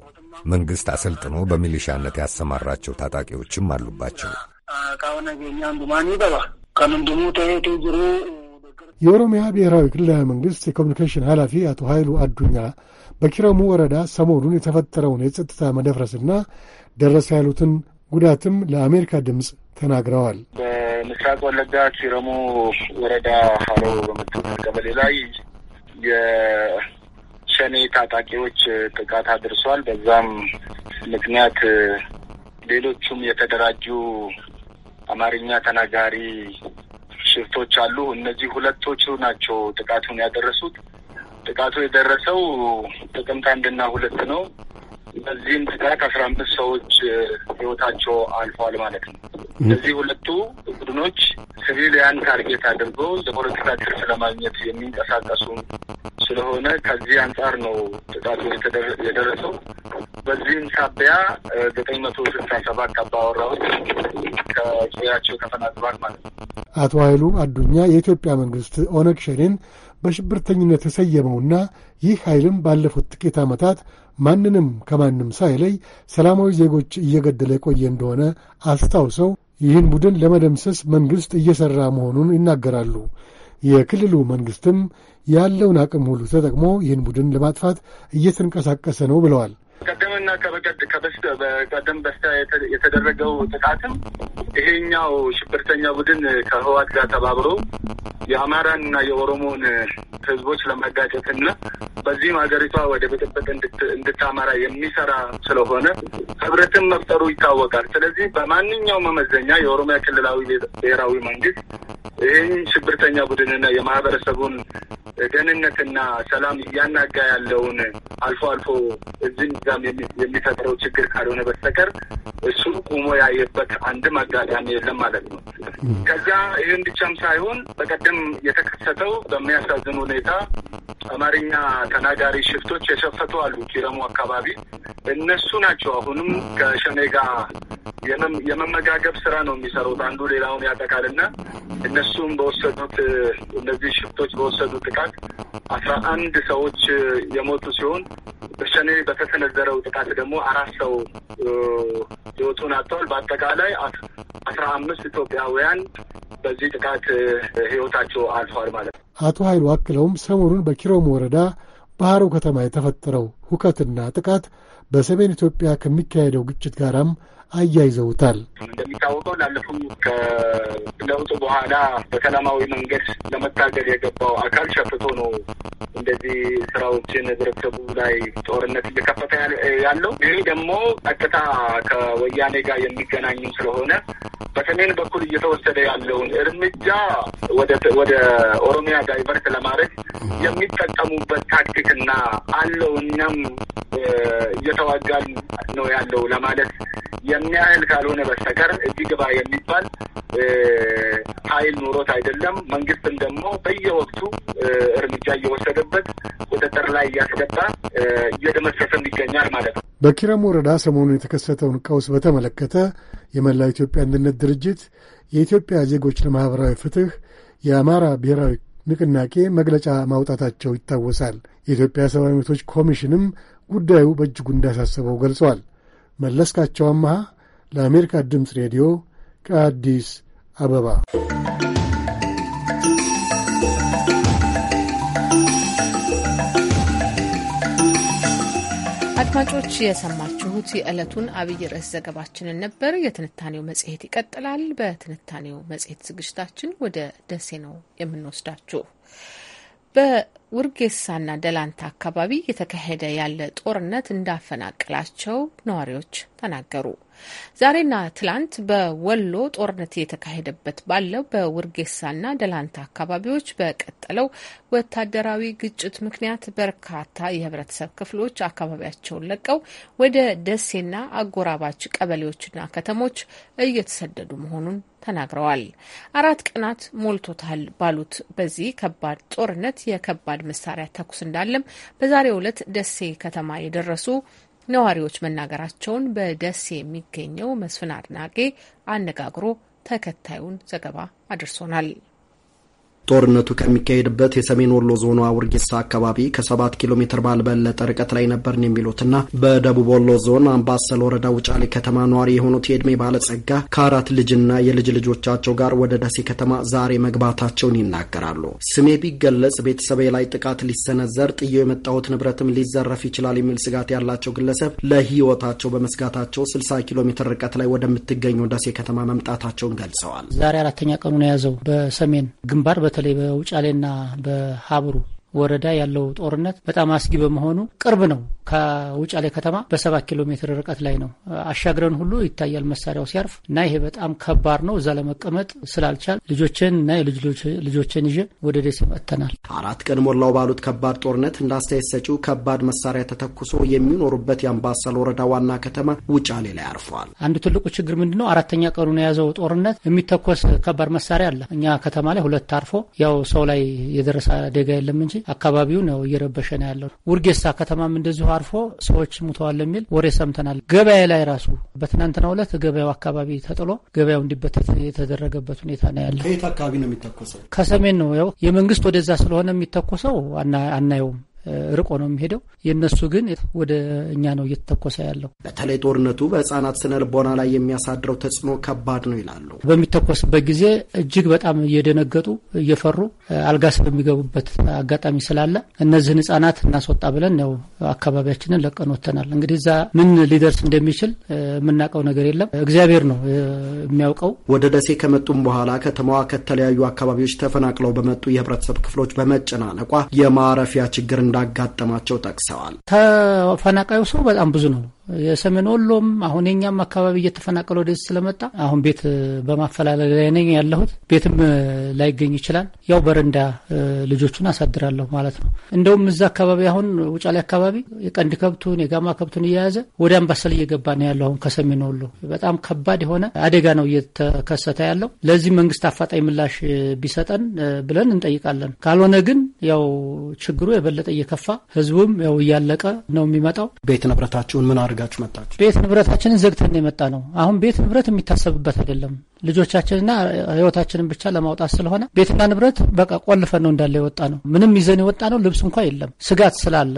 መንግሥት አሰልጥኖ በሚሊሻነት ያሰማራቸው ታጣቂዎችም አሉባቸው። የኦሮሚያ ብሔራዊ ክልላዊ መንግሥት የኮሚኒኬሽን ኃላፊ አቶ ኃይሉ አዱኛ በኪረሙ ወረዳ ሰሞኑን የተፈጠረውን የጸጥታ መደፍረስና ደረሰ ያሉትን ጉዳትም ለአሜሪካ ድምፅ ተናግረዋል። ምስራቅ ወለጋ ሲረሙ ወረዳ ሀሮ በምትባል ቀበሌ ላይ የሸኔ ታጣቂዎች ጥቃት አድርሷል። በዛም ምክንያት ሌሎቹም የተደራጁ አማርኛ ተናጋሪ ሽፍቶች አሉ። እነዚህ ሁለቶቹ ናቸው ጥቃቱን ያደረሱት። ጥቃቱ የደረሰው ጥቅምት አንድና ሁለት ነው። በዚህም ጥቃት አስራ አምስት ሰዎች ህይወታቸው አልፏል ማለት ነው። እነዚህ ሁለቱ ቡድኖች ሲቪሊያን ታርጌት አድርጎ ለፖለቲካ ትርፍ ለማግኘት የሚንቀሳቀሱ ስለሆነ ከዚህ አንጻር ነው ጥቃቱ የደረሰው። በዚህም ሳቢያ ዘጠኝ መቶ ስልሳ ሰባት አባወራዎች ከቀያቸው ተፈናቅሏል ማለት ነው። አቶ ኃይሉ አዱኛ የኢትዮጵያ መንግስት ኦነግ ሸኔን በሽብርተኝነት የሰየመውና ይህ ኃይልም ባለፉት ጥቂት ዓመታት ማንንም ከማንም ሳይለይ ሰላማዊ ዜጎች እየገደለ የቆየ እንደሆነ አስታውሰው ይህን ቡድን ለመደምሰስ መንግሥት እየሠራ መሆኑን ይናገራሉ። የክልሉ መንግሥትም ያለውን አቅም ሁሉ ተጠቅሞ ይህን ቡድን ለማጥፋት እየተንቀሳቀሰ ነው ብለዋል። ቀደምና በቀደም በስቲያ የተደረገው ጥቃትም ይሄኛው ሽብርተኛ ቡድን ከህዋት ጋር ተባብሮ የአማራንና የኦሮሞን ህዝቦች ለማጋጨትና በዚህም ሀገሪቷ ወደ ብጥብጥ እንድታመራ የሚሰራ ስለሆነ ህብረትን መፍጠሩ ይታወቃል። ስለዚህ በማንኛውም መመዘኛ የኦሮሚያ ክልላዊ ብሔራዊ መንግስት ይህን ሽብርተኛ ቡድንና የማህበረሰቡን ደህንነትና ሰላም እያናጋ ያለውን አልፎ አልፎ እዚህም እዛም የሚፈጥረው ችግር ካልሆነ በስተቀር እሱ ቁሞ ያየበት አንድም አጋጣሚ የለም ማለት ነው። ከዛ ይህን ብቻም ሳይሆን በቀደም የተከሰተው በሚያሳዝኑ ሁኔታ አማርኛ ተናጋሪ ሽፍቶች የሸፈቱ አሉ። ኪረሙ አካባቢ እነሱ ናቸው አሁንም ከሸኔ ጋር የመመጋገብ ስራ ነው የሚሰሩት። አንዱ ሌላውን ያጠቃልና እነሱም በወሰዱት እነዚህ ሽፍቶች በወሰዱት ጥቃት አስራ አንድ ሰዎች የሞቱ ሲሆን በሸኔ በተሰነዘረው ጥቃት ደግሞ አራት ሰው ህይወቱን አጥተዋል። በአጠቃላይ አስራ አምስት ኢትዮጵያውያን በዚህ ጥቃት ህይወታቸው አልፏል ማለት ነው። አቶ ኃይሉ አክለውም ሰሞኑን በኪሮም ወረዳ ባህሩ ከተማ የተፈጠረው ሁከትና ጥቃት በሰሜን ኢትዮጵያ ከሚካሄደው ግጭት ጋራም አያይዘውታል። እንደሚታወቀው ላለፉ ከለውጡ በኋላ በሰላማዊ መንገድ ለመታገል የገባው አካል ሸፍቶ ነው እንደዚህ ስራዎችን ህብረተሰቡ ላይ ጦርነት እየከፈተ ያለው። ይህ ደግሞ ቀጥታ ከወያኔ ጋር የሚገናኙ ስለሆነ በሰሜን በኩል እየተወሰደ ያለውን እርምጃ ወደ ኦሮሚያ ዳይቨርት ለማድረግ የሚጠቀሙበት ታክቲክና አለው እኛም እየተዋጋን ነው ያለው ለማለት ያን ያህል ካልሆነ በስተቀር እዚህ ግባ የሚባል ኃይል ኑሮት አይደለም። መንግስትም ደግሞ በየወቅቱ እርምጃ እየወሰደበት ቁጥጥር ላይ እያስገባ እየደመሰሰም ይገኛል ማለት ነው። በኪረም ወረዳ ሰሞኑን የተከሰተውን ቀውስ በተመለከተ የመላው ኢትዮጵያ አንድነት ድርጅት፣ የኢትዮጵያ ዜጎች ለማኅበራዊ ፍትሕ፣ የአማራ ብሔራዊ ንቅናቄ መግለጫ ማውጣታቸው ይታወሳል። የኢትዮጵያ ሰብአዊ መብቶች ኮሚሽንም ጉዳዩ በእጅጉ እንዳሳሰበው ገልጿል። መለስካቸው አመሃ ለአሜሪካ ድምፅ ሬዲዮ ከአዲስ አበባ አድማጮች የሰማችሁት የዕለቱን አብይ ርዕስ ዘገባችንን ነበር። የትንታኔው መጽሔት ይቀጥላል። በትንታኔው መጽሔት ዝግጅታችን ወደ ደሴ ነው የምንወስዳችሁ። በውርጌሳና ደላንታ አካባቢ እየተካሄደ ያለ ጦርነት እንዳፈናቀላቸው ነዋሪዎች ተናገሩ። ዛሬና ትላንት በወሎ ጦርነት እየተካሄደበት ባለው በውርጌሳና ደላንታ አካባቢዎች በቀጠለው ወታደራዊ ግጭት ምክንያት በርካታ የህብረተሰብ ክፍሎች አካባቢያቸውን ለቀው ወደ ደሴና አጎራባች ቀበሌዎችና ከተሞች እየተሰደዱ መሆኑን ተናግረዋል። አራት ቀናት ሞልቶታል ባሉት በዚህ ከባድ ጦርነት የከባድ መሳሪያ ተኩስ እንዳለም በዛሬው ዕለት ደሴ ከተማ የደረሱ ነዋሪዎች መናገራቸውን በደሴ የሚገኘው መስፍን አድናቄ አነጋግሮ ተከታዩን ዘገባ አድርሶናል። ጦርነቱ ከሚካሄድበት የሰሜን ወሎ ዞኑ አውርጌሳ አካባቢ ከሰባት ኪሎ ሜትር ባልበለጠ ርቀት ላይ ነበርን የሚሉትና በደቡብ ወሎ ዞን አምባሰል ወረዳ ውጫሌ ከተማ ነዋሪ የሆኑት የዕድሜ ባለጸጋ ከአራት ልጅና የልጅ ልጆቻቸው ጋር ወደ ደሴ ከተማ ዛሬ መግባታቸውን ይናገራሉ። ስሜ ቢገለጽ ቤተሰቤ ላይ ጥቃት ሊሰነዘር፣ ጥዬው የመጣሁት ንብረትም ሊዘረፍ ይችላል የሚል ስጋት ያላቸው ግለሰብ ለህይወታቸው በመስጋታቸው 60 ኪሎ ሜትር ርቀት ላይ ወደምትገኘው ደሴ ከተማ መምጣታቸውን ገልጸዋል። ዛሬ አራተኛ ቀኑን የያዘው በሰሜን ግንባር በተለይ በውጫሌና በሀብሩ ወረዳ ያለው ጦርነት በጣም አስጊ በመሆኑ ቅርብ ነው። ከውጫሌ ከተማ በሰባት ኪሎ ሜትር ርቀት ላይ ነው። አሻግረን ሁሉ ይታያል መሳሪያው ሲያርፍ እና ይሄ በጣም ከባድ ነው። እዛ ለመቀመጥ ስላልቻል ልጆችን እና ልጆችን ይዤ ወደ ደሴ መጥተናል። አራት ቀን ሞላው ባሉት ከባድ ጦርነት እንደ ሰጪው ከባድ መሳሪያ ተተኩሶ የሚኖሩበት የአምባሰል ወረዳ ዋና ከተማ ውጫሌ ላይ አርፏል። አንዱ ትልቁ ችግር ምንድን ነው? አራተኛ ቀኑን የያዘው ጦርነት የሚተኮስ ከባድ መሳሪያ አለ። እኛ ከተማ ላይ ሁለት አርፎ ያው ሰው ላይ የደረሰ አደጋ የለም እንጂ አካባቢው ነው እየረበሸ ነው ያለው። ውርጌሳ ከተማም እንደዚሁ አርፎ ሰዎች ሙተዋል የሚል ወሬ ሰምተናል። ገበያ ላይ ራሱ በትናንትናው ዕለት ገበያው አካባቢ ተጥሎ ገበያው እንዲበተት የተደረገበት ሁኔታ ነው ያለው። ከየት አካባቢ ነው የሚተኮሰው? ከሰሜን ነው ያው የመንግስት ወደዛ ስለሆነ የሚተኮሰው አናየውም። ርቆ ነው የሚሄደው። የእነሱ ግን ወደ እኛ ነው እየተተኮሰ ያለው። በተለይ ጦርነቱ በህጻናት ስነ ልቦና ላይ የሚያሳድረው ተጽዕኖ ከባድ ነው ይላሉ። በሚተኮስበት ጊዜ እጅግ በጣም እየደነገጡ እየፈሩ አልጋ ስለሚገቡበት አጋጣሚ ስላለ እነዚህን ህጻናት እናስወጣ ብለን ያው አካባቢያችንን ለቀን ወጥተናል። እንግዲህ እዛ ምን ሊደርስ እንደሚችል የምናውቀው ነገር የለም፣ እግዚአብሔር ነው የሚያውቀው። ወደ ደሴ ከመጡም በኋላ ከተማዋ ከተለያዩ አካባቢዎች ተፈናቅለው በመጡ የህብረተሰብ ክፍሎች በመጨናነቋ የማረፊያ ችግር እንዳጋጠማቸው ጠቅሰዋል። ተፈናቃዩ ሰው በጣም ብዙ ነው። የሰሜን ወሎም አሁን የኛም አካባቢ እየተፈናቀለ ወደዚህ ስለመጣ አሁን ቤት በማፈላለግ ላይ ነኝ ያለሁት። ቤትም ላይገኝ ይችላል። ያው በረንዳ ልጆቹን አሳድራለሁ ማለት ነው። እንደውም እዛ አካባቢ አሁን ውጫሌ አካባቢ የቀንድ ከብቱን የጋማ ከብቱን እየያዘ ወደ አምባሰል እየገባ ነው ያለው። አሁን ከሰሜን ወሎ በጣም ከባድ የሆነ አደጋ ነው እየተከሰተ ያለው። ለዚህ መንግስት አፋጣኝ ምላሽ ቢሰጠን ብለን እንጠይቃለን። ካልሆነ ግን ያው ችግሩ የበለጠ እየከፋ ህዝቡም ያው እያለቀ ነው የሚመጣው። ቤት ንብረታችሁን ምን አድርገ አድርጋችሁ መጣችሁ? ቤት ንብረታችንን ዘግተን የመጣ ነው። አሁን ቤት ንብረት የሚታሰብበት አይደለም። ልጆቻችንና ህይወታችንን ብቻ ለማውጣት ስለሆነ ቤትና ንብረት በቃ ቆልፈን ነው እንዳለ የወጣ ነው። ምንም ይዘን የወጣ ነው። ልብስ እንኳ የለም። ስጋት ስላለ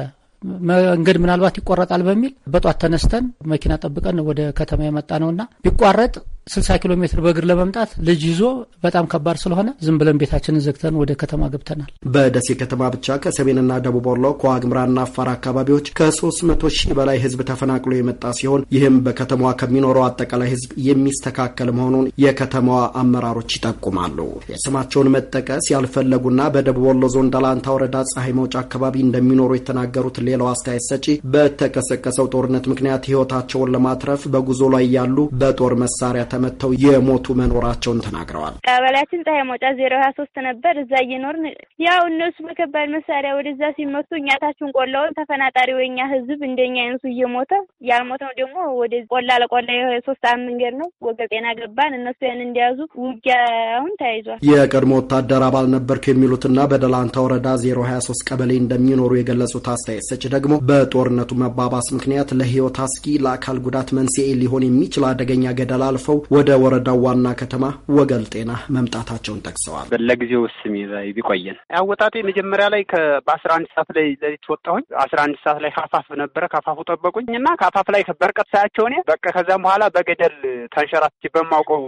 መንገድ ምናልባት ይቆረጣል በሚል በጧት ተነስተን መኪና ጠብቀን ወደ ከተማ የመጣ ነውና ቢቋረጥ 60 ኪሎ ሜትር በእግር ለመምጣት ልጅ ይዞ በጣም ከባድ ስለሆነ ዝም ብለን ቤታችንን ዘግተን ወደ ከተማ ገብተናል። በደሴ ከተማ ብቻ ከሰሜንና ደቡብ ወሎ ከዋግምራና አፋር አካባቢዎች ከ300 ሺህ በላይ ህዝብ ተፈናቅሎ የመጣ ሲሆን ይህም በከተማዋ ከሚኖረው አጠቃላይ ህዝብ የሚስተካከል መሆኑን የከተማዋ አመራሮች ይጠቁማሉ። የስማቸውን መጠቀስ ያልፈለጉና በደቡብ ወሎ ዞን ደላንታ ወረዳ ፀሐይ መውጫ አካባቢ እንደሚኖሩ የተናገሩት ሌላው አስተያየት ሰጪ በተቀሰቀሰው ጦርነት ምክንያት ህይወታቸውን ለማትረፍ በጉዞ ላይ ያሉ በጦር መሳሪያ ተመተው የሞቱ መኖራቸውን ተናግረዋል። ቀበሌያችን ፀሐይ መውጫ ዜሮ ሀያ ሶስት ነበር። እዛ እየኖርን ያው እነሱ በከባድ መሳሪያ ወደዛ ሲመቱ እኛ ታችን ቆላውን ተፈናጣሪ ወኛ ህዝብ እንደኛ አይነቱ እየሞተ ያልሞተው ደግሞ ወደ ቆላ ለቆላ ሶስት ሰዓት መንገድ ነው ወገ ጤና ገባን። እነሱ ያን እንዲያዙ ውጊያ አሁን ተያይዟል። የቀድሞ ወታደር አባል ነበርኩ የሚሉትና በደላንታ ወረዳ ዜሮ ሀያ ሶስት ቀበሌ እንደሚኖሩ የገለጹት አስተያየት ሰጭ ደግሞ በጦርነቱ መባባስ ምክንያት ለህይወት አስጊ ለአካል ጉዳት መንስኤ ሊሆን የሚችል አደገኛ ገደል አልፈው ወደ ወረዳው ዋና ከተማ ወገል ጤና መምጣታቸውን ጠቅሰዋል። ለጊዜው ስም ቢቆየን አወጣጤ መጀመሪያ ላይ በአስራ አንድ ሰዓት ላይ ሌሊት ወጣሁኝ። አስራ አንድ ሰዓት ላይ ካፋፍ ነበረ። ካፋፉ ጠበቁኝ እና ካፋፍ ላይ በርቀት ሳያቸው እኔ በቃ ከዚያም በኋላ በገደል ተንሸራትቼ በማውቀው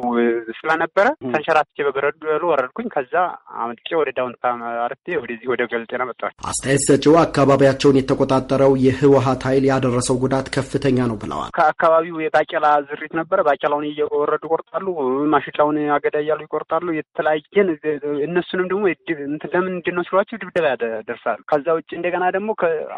ስለነበረ ተንሸራትቼ በበረዶ ወረድኩኝ። ከዛ አምልጬ ወደ ዳውን አርፌ ወደዚህ ወደ ወገል ጤና መጣሁ። አስተያየት ሰጪው አካባቢያቸውን የተቆጣጠረው የህወሀት ኃይል ያደረሰው ጉዳት ከፍተኛ ነው ብለዋል። ከአካባቢው የባቄላ ዝሪት ነበረ። ባቄላውን እየቆ እየወረዱ ይቆርጣሉ፣ ማሽላውን አገዳ እያሉ ይቆርጣሉ። የተለያየን እነሱንም ደግሞ ለምንድን ነው ስሏቸው ድብደባ ያደርሳሉ። ከዛ ውጭ እንደገና ደግሞ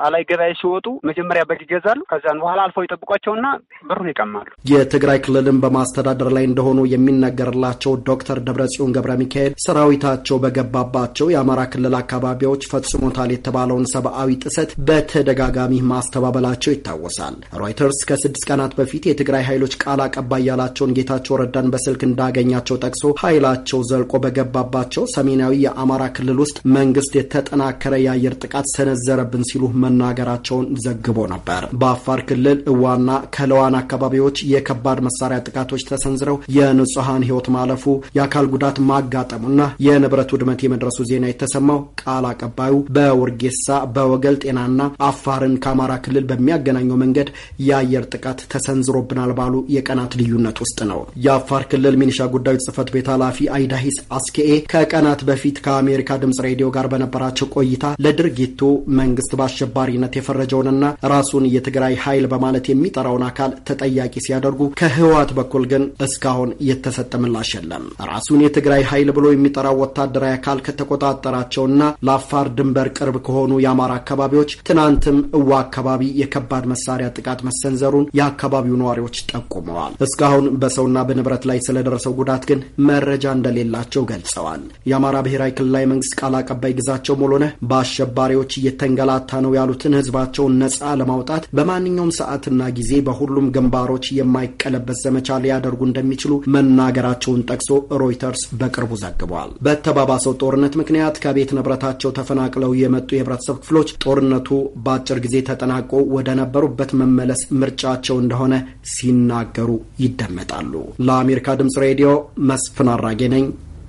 አላይ ገበያ ሲወጡ መጀመሪያ በግ ይገዛሉ። ከዛን በኋላ አልፈው ይጠብቋቸውና ብሩን ይቀማሉ። የትግራይ ክልልን በማስተዳደር ላይ እንደሆኑ የሚነገርላቸው ዶክተር ደብረጽዮን ገብረ ሚካኤል ሰራዊታቸው በገባባቸው የአማራ ክልል አካባቢዎች ፈጽሞታል የተባለውን ሰብአዊ ጥሰት በተደጋጋሚ ማስተባበላቸው ይታወሳል። ሮይተርስ ከስድስት ቀናት በፊት የትግራይ ኃይሎች ቃል አቀባይ ያላቸውን ጌታ ጌታቸው ረዳን በስልክ እንዳገኛቸው ጠቅሶ ኃይላቸው ዘልቆ በገባባቸው ሰሜናዊ የአማራ ክልል ውስጥ መንግስት የተጠናከረ የአየር ጥቃት ሰነዘረብን ሲሉ መናገራቸውን ዘግቦ ነበር። በአፋር ክልል እዋና ከለዋን አካባቢዎች የከባድ መሳሪያ ጥቃቶች ተሰንዝረው የንጹሐን ህይወት ማለፉ የአካል ጉዳት ማጋጠሙና የንብረት ውድመት የመድረሱ ዜና የተሰማው ቃል አቀባዩ በውርጌሳ በወገል ጤናና አፋርን ከአማራ ክልል በሚያገናኘው መንገድ የአየር ጥቃት ተሰንዝሮብናል ባሉ የቀናት ልዩነት ውስጥ ነው። የአፋር ክልል ሚኒሻ ጉዳዮች ጽህፈት ቤት ኃላፊ አይዳሂስ አስኬኤ ከቀናት በፊት ከአሜሪካ ድምጽ ሬዲዮ ጋር በነበራቸው ቆይታ ለድርጊቱ መንግስት በአሸባሪነት የፈረጀውንና ራሱን የትግራይ ኃይል በማለት የሚጠራውን አካል ተጠያቂ ሲያደርጉ ከህወሓት በኩል ግን እስካሁን የተሰጠ ምላሽ የለም። ራሱን የትግራይ ኃይል ብሎ የሚጠራው ወታደራዊ አካል ከተቆጣጠራቸውና ለአፋር ድንበር ቅርብ ከሆኑ የአማራ አካባቢዎች ትናንትም እዋ አካባቢ የከባድ መሳሪያ ጥቃት መሰንዘሩን የአካባቢው ነዋሪዎች ጠቁመዋል። እስካሁን በሰውና በሰውና በንብረት ላይ ስለደረሰው ጉዳት ግን መረጃ እንደሌላቸው ገልጸዋል። የአማራ ብሔራዊ ክልላዊ መንግስት ቃል አቀባይ ግዛቸው ሞሎነ በአሸባሪዎች እየተንገላታ ነው ያሉትን ህዝባቸውን ነጻ ለማውጣት በማንኛውም ሰዓትና ጊዜ በሁሉም ግንባሮች የማይቀለበስ ዘመቻ ሊያደርጉ እንደሚችሉ መናገራቸውን ጠቅሶ ሮይተርስ በቅርቡ ዘግቧል። በተባባሰው ጦርነት ምክንያት ከቤት ንብረታቸው ተፈናቅለው የመጡ የህብረተሰብ ክፍሎች ጦርነቱ በአጭር ጊዜ ተጠናቆ ወደ ነበሩበት መመለስ ምርጫቸው እንደሆነ ሲናገሩ ይደመጣሉ። ለአሜሪካ ድምፅ ሬዲዮ መስፍን አራጌ ነኝ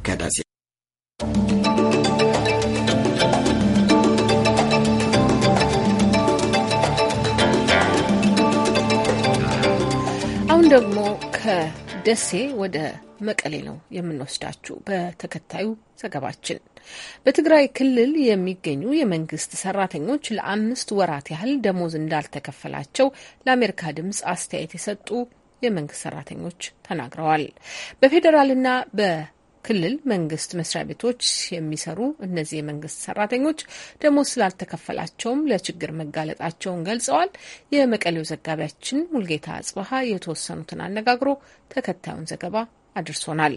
ከደሴ። አሁን ደግሞ ከደሴ ወደ መቀሌ ነው የምንወስዳችሁ በተከታዩ ዘገባችን። በትግራይ ክልል የሚገኙ የመንግስት ሰራተኞች ለአምስት ወራት ያህል ደሞዝ እንዳልተከፈላቸው ለአሜሪካ ድምፅ አስተያየት የሰጡ የመንግስት ሰራተኞች ተናግረዋል። በፌዴራልና በ ክልል መንግስት መስሪያ ቤቶች የሚሰሩ እነዚህ የመንግስት ሰራተኞች ደሞዝ ስላልተከፈላቸውም ለችግር መጋለጣቸውን ገልጸዋል። የመቀሌው ዘጋቢያችን ሙልጌታ አጽበሀ የተወሰኑትን አነጋግሮ ተከታዩን ዘገባ አድርሶናል።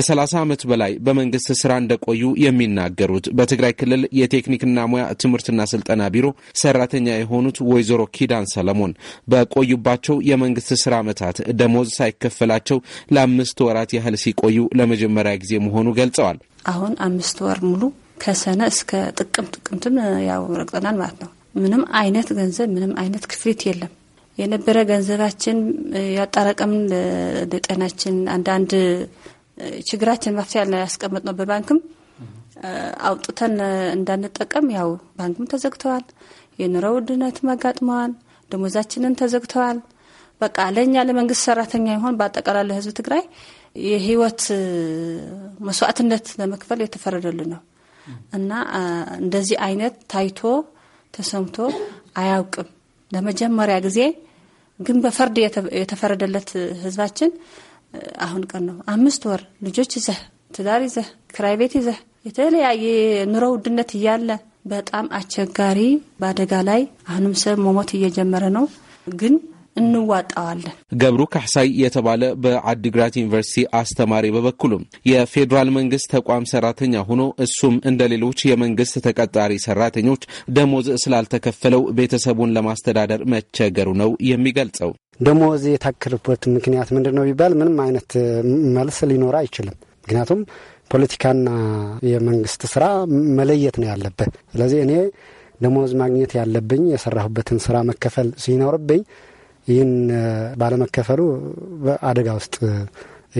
ከ30 ዓመት በላይ በመንግስት ስራ እንደቆዩ የሚናገሩት በትግራይ ክልል የቴክኒክና ሙያ ትምህርትና ስልጠና ቢሮ ሰራተኛ የሆኑት ወይዘሮ ኪዳን ሰለሞን በቆዩባቸው የመንግስት ስራ ዓመታት ደሞዝ ሳይከፈላቸው ለአምስት ወራት ያህል ሲቆዩ ለመጀመሪያ ጊዜ መሆኑ ገልጸዋል። አሁን አምስት ወር ሙሉ ከሰነ እስከ ጥቅም ጥቅምትም ያው ረግጠናል ማለት ነው። ምንም አይነት ገንዘብ ምንም አይነት ክፍሊት የለም። የነበረ ገንዘባችን ያጠራቀምን ለጤናችን አንዳንድ ችግራችን መፍትሄ ያስቀምጥ ነው በባንክም አውጥተን እንዳንጠቀም ያው ባንክም ተዘግተዋል። የኑሮ ውድነትም አጋጥመዋል። ደሞዛችንን ተዘግተዋል። በቃ ለእኛ ለመንግስት ሰራተኛ ይሆን በአጠቃላይ ለህዝብ ትግራይ የህይወት መስዋዕትነት ለመክፈል የተፈረደልን ነው እና እንደዚህ አይነት ታይቶ ተሰምቶ አያውቅም። ለመጀመሪያ ጊዜ ግን በፈርድ የተፈረደለት ህዝባችን አሁን ቀን ነው አምስት ወር ልጆች ይዘህ ትዳር ይዘህ ክራይ ቤት ይዘህ የተለያየ ኑሮ ውድነት እያለ በጣም አስቸጋሪ በአደጋ ላይ አሁንም ሰብ መሞት እየጀመረ ነው ግን እንዋጣዋለን። ገብሩ ካሕሳይ የተባለ በአዲግራት ዩኒቨርሲቲ አስተማሪ በበኩሉም የፌዴራል መንግስት ተቋም ሰራተኛ ሆኖ እሱም እንደ ሌሎች የመንግስት ተቀጣሪ ሰራተኞች ደሞዝ ስላልተከፈለው ቤተሰቡን ለማስተዳደር መቸገሩ ነው የሚገልጸው። ደሞዝ የታከለበት ምክንያት ምንድን ነው ቢባል ምንም አይነት መልስ ሊኖር አይችልም። ምክንያቱም ፖለቲካና የመንግስት ስራ መለየት ነው ያለበት ስለዚህ እኔ ደሞዝ ማግኘት ያለብኝ የሰራሁበትን ስራ መከፈል ሲኖርብኝ ይህን ባለመከፈሉ በአደጋ ውስጥ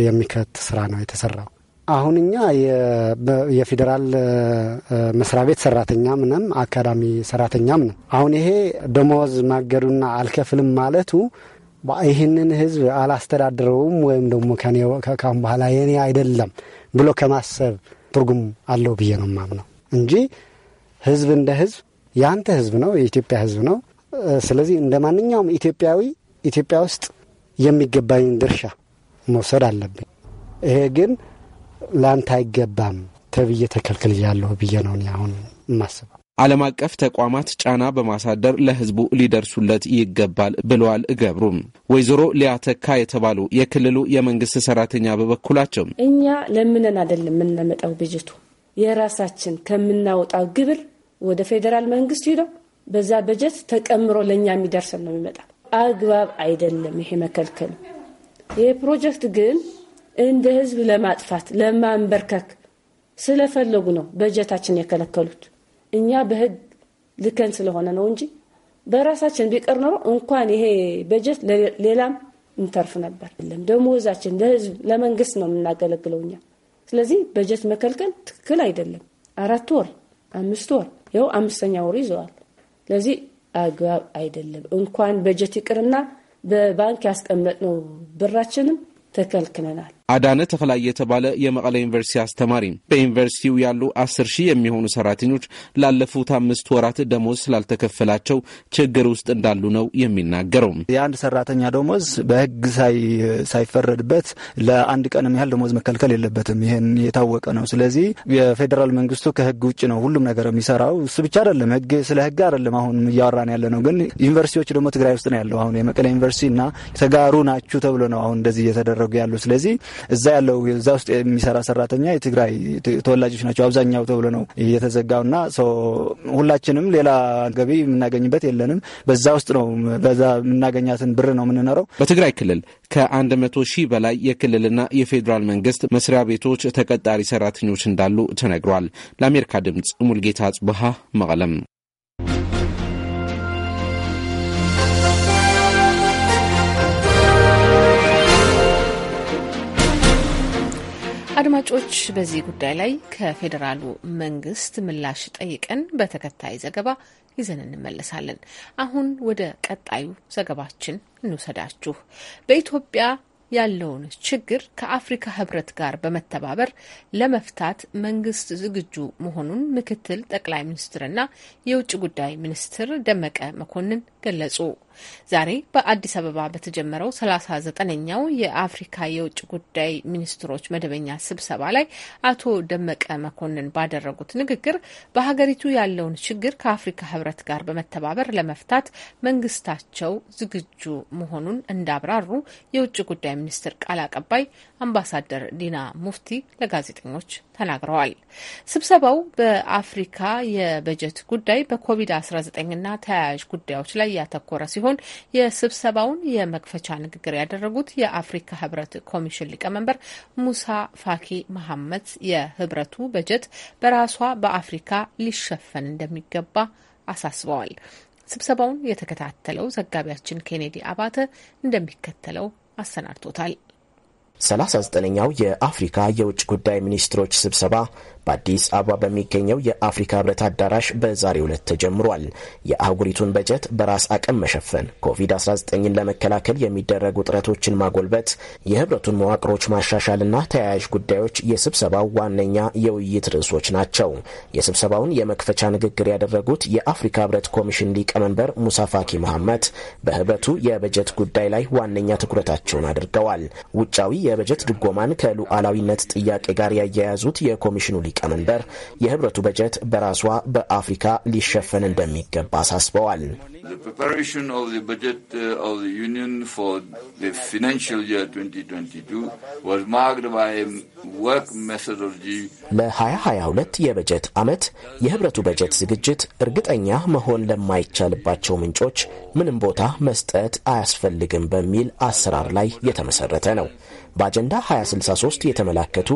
የሚከት ስራ ነው የተሰራው። አሁን እኛ የፌዴራል መስሪያ ቤት ሰራተኛም ነን፣ አካዳሚ ሰራተኛም ነው። አሁን ይሄ ደሞዝ ማገዱና አልከፍልም ማለቱ ይህንን ህዝብ አላስተዳድረውም ወይም ደግሞ ከአሁን በኋላ የኔ አይደለም ብሎ ከማሰብ ትርጉም አለው ብዬ ነው የማምነው እንጂ ህዝብ እንደ ህዝብ የአንተ ህዝብ ነው፣ የኢትዮጵያ ህዝብ ነው። ስለዚህ እንደ ማንኛውም ኢትዮጵያዊ ኢትዮጵያ ውስጥ የሚገባኝን ድርሻ መውሰድ አለብኝ። ይሄ ግን ለአንተ አይገባም ተብዬ ተከልክል ያለሁ ብዬ ነው አሁን የማስበው። ዓለም አቀፍ ተቋማት ጫና በማሳደር ለህዝቡ ሊደርሱለት ይገባል ብለዋል ገብሩም። ወይዘሮ ሊያተካ የተባሉ የክልሉ የመንግስት ሰራተኛ በበኩላቸው እኛ ለምነን አይደለም የምናመጣው በጀቱ የራሳችን ከምናወጣው ግብር ወደ ፌዴራል መንግስት ሂደው በዛ በጀት ተቀምሮ ለእኛ የሚደርሰን ነው የሚመጣ። አግባብ አይደለም ይሄ መከልከል። ይህ ፕሮጀክት ግን እንደ ህዝብ ለማጥፋት ለማንበርከክ ስለፈለጉ ነው በጀታችን የከለከሉት። እኛ በህግ ልከን ስለሆነ ነው እንጂ በራሳችን ቢቀር ኖሮ እንኳን ይሄ በጀት ሌላም እንተርፍ ነበር። ለም ደሞዛችን ለህዝብ ለመንግስት ነው የምናገለግለው እኛ። ስለዚህ በጀት መከልከል ትክክል አይደለም። አራት ወር አምስት ወር ይኸው አምስተኛ ወሩ ይዘዋል። ስለዚህ አግባብ አይደለም። እንኳን በጀት ይቅርና በባንክ ያስቀመጥነው ብራችንም ተከልክለናል። አዳነ ተፈላይ የተባለ የመቀለ ዩኒቨርሲቲ አስተማሪ በዩኒቨርሲቲው ያሉ አስር ሺህ የሚሆኑ ሰራተኞች ላለፉት አምስት ወራት ደሞዝ ስላልተከፈላቸው ችግር ውስጥ እንዳሉ ነው የሚናገረው። የአንድ ሰራተኛ ደሞዝ በህግ ሳይፈረድበት ለአንድ ቀንም ያህል ደሞዝ መከልከል የለበትም። ይህን የታወቀ ነው። ስለዚህ የፌዴራል መንግስቱ ከህግ ውጭ ነው ሁሉም ነገር የሚሰራው። እሱ ብቻ አይደለም፣ ህግ ስለ ህግ አይደለም አሁን እያወራን ያለ ነው። ግን ዩኒቨርሲቲዎች ደግሞ ትግራይ ውስጥ ነው ያለው። አሁን የመቀለ ዩኒቨርሲቲ እና ተጋሩ ናችሁ ተብሎ ነው አሁን እንደዚህ እየተደረጉ ያሉ ስለዚህ እዛ ያለው እዛ ውስጥ የሚሰራ ሰራተኛ የትግራይ ተወላጆች ናቸው አብዛኛው ተብሎ ነው ና ሁላችንም ሌላ ገቢ የምናገኝበት የለንም። በዛ ውስጥ ነው በዛ የምናገኛትን ብር ነው የምንኖረው። በትግራይ ክልል ከአንድ መቶ ሺህ በላይ የክልልና የፌዴራል መንግስት መስሪያ ቤቶች ተቀጣሪ ሰራተኞች እንዳሉ ተነግሯል። ለአሜሪካ ድምፅ ሙልጌታ ጽብሃ መቀለም አድማጮች በዚህ ጉዳይ ላይ ከፌዴራሉ መንግስት ምላሽ ጠይቀን በተከታይ ዘገባ ይዘን እንመለሳለን። አሁን ወደ ቀጣዩ ዘገባችን እንውሰዳችሁ። በኢትዮጵያ ያለውን ችግር ከአፍሪካ ህብረት ጋር በመተባበር ለመፍታት መንግስት ዝግጁ መሆኑን ምክትል ጠቅላይ ሚኒስትርና የውጭ ጉዳይ ሚኒስትር ደመቀ መኮንን ገለጹ። ዛሬ በአዲስ አበባ በተጀመረው 39ኛው የአፍሪካ የውጭ ጉዳይ ሚኒስትሮች መደበኛ ስብሰባ ላይ አቶ ደመቀ መኮንን ባደረጉት ንግግር በሀገሪቱ ያለውን ችግር ከአፍሪካ ሕብረት ጋር በመተባበር ለመፍታት መንግስታቸው ዝግጁ መሆኑን እንዳብራሩ የውጭ ጉዳይ ሚኒስትር ቃል አቀባይ አምባሳደር ዲና ሙፍቲ ለጋዜጠኞች ተናግረዋል። ስብሰባው በአፍሪካ የበጀት ጉዳይ በኮቪድ-19ና ተያያዥ ጉዳዮች ላይ ያተኮረ ሲሆን የስብሰባውን የመክፈቻ ንግግር ያደረጉት የአፍሪካ ህብረት ኮሚሽን ሊቀመንበር ሙሳ ፋኪ መሐመድ የህብረቱ በጀት በራሷ በአፍሪካ ሊሸፈን እንደሚገባ አሳስበዋል። ስብሰባውን የተከታተለው ዘጋቢያችን ኬኔዲ አባተ እንደሚከተለው አሰናድቶታል። 39ኛው የአፍሪካ የውጭ ጉዳይ ሚኒስትሮች ስብሰባ በአዲስ አበባ በሚገኘው የአፍሪካ ህብረት አዳራሽ በዛሬ ዕለት ተጀምሯል። የአህጉሪቱን በጀት በራስ አቅም መሸፈን፣ ኮቪድ-19ን ለመከላከል የሚደረጉ ጥረቶችን ማጎልበት፣ የህብረቱን መዋቅሮች ማሻሻልና ተያያዥ ጉዳዮች የስብሰባው ዋነኛ የውይይት ርዕሶች ናቸው። የስብሰባውን የመክፈቻ ንግግር ያደረጉት የአፍሪካ ህብረት ኮሚሽን ሊቀመንበር ሙሳ ፋኪ መሐመት በህብረቱ የበጀት ጉዳይ ላይ ዋነኛ ትኩረታቸውን አድርገዋል። ውጫዊ የበጀት ድጎማን ከሉዓላዊነት ጥያቄ ጋር ያያያዙት የኮሚሽኑ ሊ ሊቀመንበር የህብረቱ በጀት በራሷ በአፍሪካ ሊሸፈን እንደሚገባ አሳስበዋል። ለ2022 uh, የበጀት ዓመት የህብረቱ በጀት ዝግጅት እርግጠኛ መሆን ለማይቻልባቸው ምንጮች ምንም ቦታ መስጠት አያስፈልግም በሚል አሰራር ላይ የተመሰረተ ነው። በአጀንዳ 2063 የተመላከቱ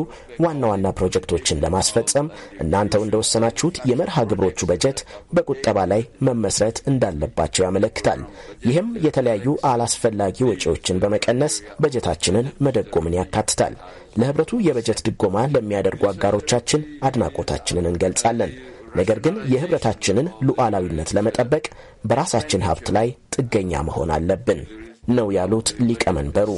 ዋና ዋና ፕሮጀክቶችን ለማስፈጸም እናንተው እንደወሰናችሁት የመርሃ ግብሮቹ በጀት በቁጠባ ላይ መመስረት እንዳለባቸው ያመለክታል። ይህም የተለያዩ አላስፈላጊ ወጪዎችን በመቀነስ በጀታችንን መደጎምን ያካትታል። ለህብረቱ የበጀት ድጎማ ለሚያደርጉ አጋሮቻችን አድናቆታችንን እንገልጻለን። ነገር ግን የህብረታችንን ሉዓላዊነት ለመጠበቅ በራሳችን ሀብት ላይ ጥገኛ መሆን አለብን ነው ያሉት ሊቀመንበሩ።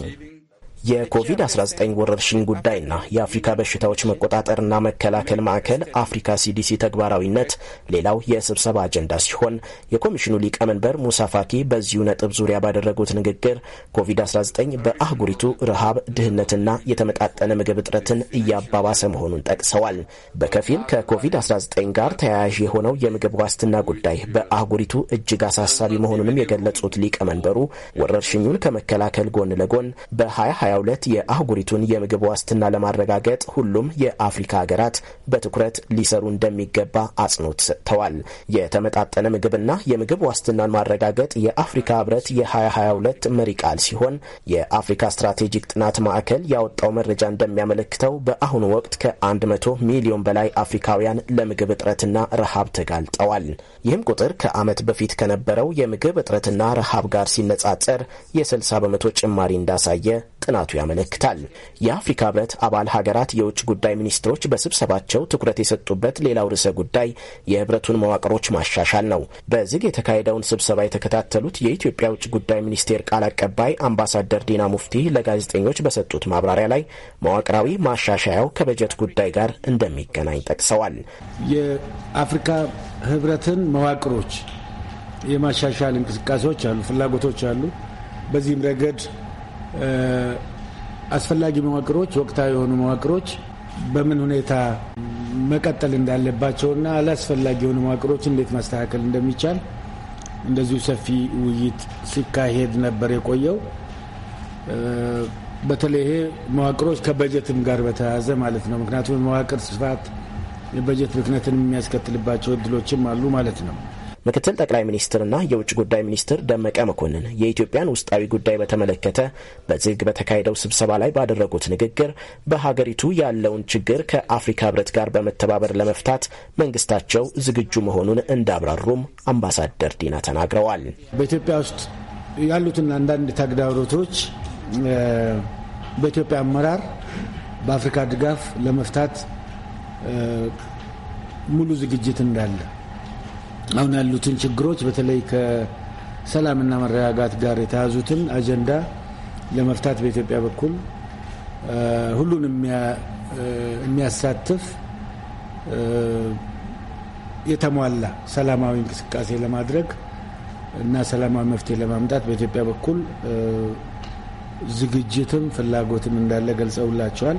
የኮቪድ-19 ወረርሽኝ ጉዳይና የአፍሪካ በሽታዎች መቆጣጠርና መከላከል ማዕከል አፍሪካ ሲዲሲ ተግባራዊነት ሌላው የስብሰባ አጀንዳ ሲሆን የኮሚሽኑ ሊቀመንበር ሙሳ ፋኪ በዚሁ ነጥብ ዙሪያ ባደረጉት ንግግር ኮቪድ-19 በአህጉሪቱ ረሃብ፣ ድህነትና የተመጣጠነ ምግብ እጥረትን እያባባሰ መሆኑን ጠቅሰዋል። በከፊል ከኮቪድ-19 ጋር ተያያዥ የሆነው የምግብ ዋስትና ጉዳይ በአህጉሪቱ እጅግ አሳሳቢ መሆኑንም የገለጹት ሊቀመንበሩ ወረርሽኙን ከመከላከል ጎን ለጎን በ2020 2022 የአህጉሪቱን የምግብ ዋስትና ለማረጋገጥ ሁሉም የአፍሪካ ሀገራት በትኩረት ሊሰሩ እንደሚገባ አጽንኦት ሰጥተዋል። የተመጣጠነ ምግብና የምግብ ዋስትናን ማረጋገጥ የአፍሪካ ህብረት የ2022 መሪ ቃል ሲሆን የአፍሪካ ስትራቴጂክ ጥናት ማዕከል ያወጣው መረጃ እንደሚያመለክተው በአሁኑ ወቅት ከ100 ሚሊዮን በላይ አፍሪካውያን ለምግብ እጥረትና ረሃብ ተጋልጠዋል። ይህም ቁጥር ከዓመት በፊት ከነበረው የምግብ እጥረትና ረሃብ ጋር ሲነጻጸር የ60 በመቶ ጭማሪ እንዳሳየ ጥናቱ ያመለክታል። የአፍሪካ ህብረት አባል ሀገራት የውጭ ጉዳይ ሚኒስትሮች በስብሰባቸው ትኩረት የሰጡበት ሌላው ርዕሰ ጉዳይ የህብረቱን መዋቅሮች ማሻሻል ነው። በዝግ የተካሄደውን ስብሰባ የተከታተሉት የኢትዮጵያ ውጭ ጉዳይ ሚኒስቴር ቃል አቀባይ አምባሳደር ዲና ሙፍቲ ለጋዜጠኞች በሰጡት ማብራሪያ ላይ መዋቅራዊ ማሻሻያው ከበጀት ጉዳይ ጋር እንደሚገናኝ ጠቅሰዋል። የአፍሪካ ህብረትን መዋቅሮች የማሻሻል እንቅስቃሴዎች አሉ፣ ፍላጎቶች አሉ። በዚህም ረገድ አስፈላጊ መዋቅሮች፣ ወቅታዊ የሆኑ መዋቅሮች በምን ሁኔታ መቀጠል እንዳለባቸውና አላስፈላጊ የሆኑ መዋቅሮች እንዴት ማስተካከል እንደሚቻል እንደዚሁ ሰፊ ውይይት ሲካሄድ ነበር የቆየው። በተለይ ይሄ መዋቅሮች ከበጀትም ጋር በተያያዘ ማለት ነው። ምክንያቱም የመዋቅር ስፋት የበጀት ብክነትን የሚያስከትልባቸው እድሎችም አሉ ማለት ነው። ምክትል ጠቅላይ ሚኒስትርና የውጭ ጉዳይ ሚኒስትር ደመቀ መኮንን የኢትዮጵያን ውስጣዊ ጉዳይ በተመለከተ በዝግ በተካሄደው ስብሰባ ላይ ባደረጉት ንግግር በሀገሪቱ ያለውን ችግር ከአፍሪካ ሕብረት ጋር በመተባበር ለመፍታት መንግስታቸው ዝግጁ መሆኑን እንዳብራሩም አምባሳደር ዲና ተናግረዋል። በኢትዮጵያ ውስጥ ያሉትን አንዳንድ ተግዳሮቶች በኢትዮጵያ አመራር በአፍሪካ ድጋፍ ለመፍታት ሙሉ ዝግጅት እንዳለ አሁን ያሉትን ችግሮች በተለይ ከሰላምና መረጋጋት ጋር የተያዙትን አጀንዳ ለመፍታት በኢትዮጵያ በኩል ሁሉን የሚያሳትፍ የተሟላ ሰላማዊ እንቅስቃሴ ለማድረግ እና ሰላማዊ መፍትሄ ለማምጣት በኢትዮጵያ በኩል ዝግጅትም ፍላጎትም እንዳለ ገልጸውላቸዋል።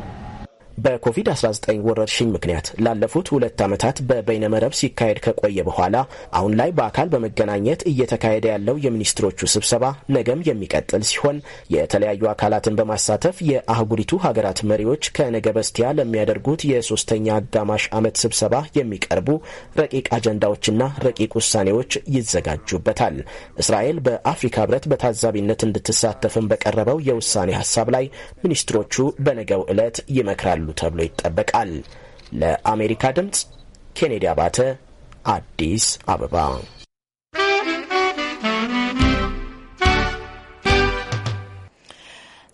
በኮቪድ-19 ወረርሽኝ ምክንያት ላለፉት ሁለት ዓመታት በበይነመረብ ሲካሄድ ከቆየ በኋላ አሁን ላይ በአካል በመገናኘት እየተካሄደ ያለው የሚኒስትሮቹ ስብሰባ ነገም የሚቀጥል ሲሆን የተለያዩ አካላትን በማሳተፍ የአህጉሪቱ ሀገራት መሪዎች ከነገ በስቲያ ለሚያደርጉት የሶስተኛ አጋማሽ ዓመት ስብሰባ የሚቀርቡ ረቂቅ አጀንዳዎችና ረቂቅ ውሳኔዎች ይዘጋጁበታል። እስራኤል በአፍሪካ ህብረት በታዛቢነት እንድትሳተፍም በቀረበው የውሳኔ ሀሳብ ላይ ሚኒስትሮቹ በነገው ዕለት ይመክራሉ ይገኛሉ ተብሎ ይጠበቃል። ለአሜሪካ ድምፅ ኬኔዲ አባተ አዲስ አበባ።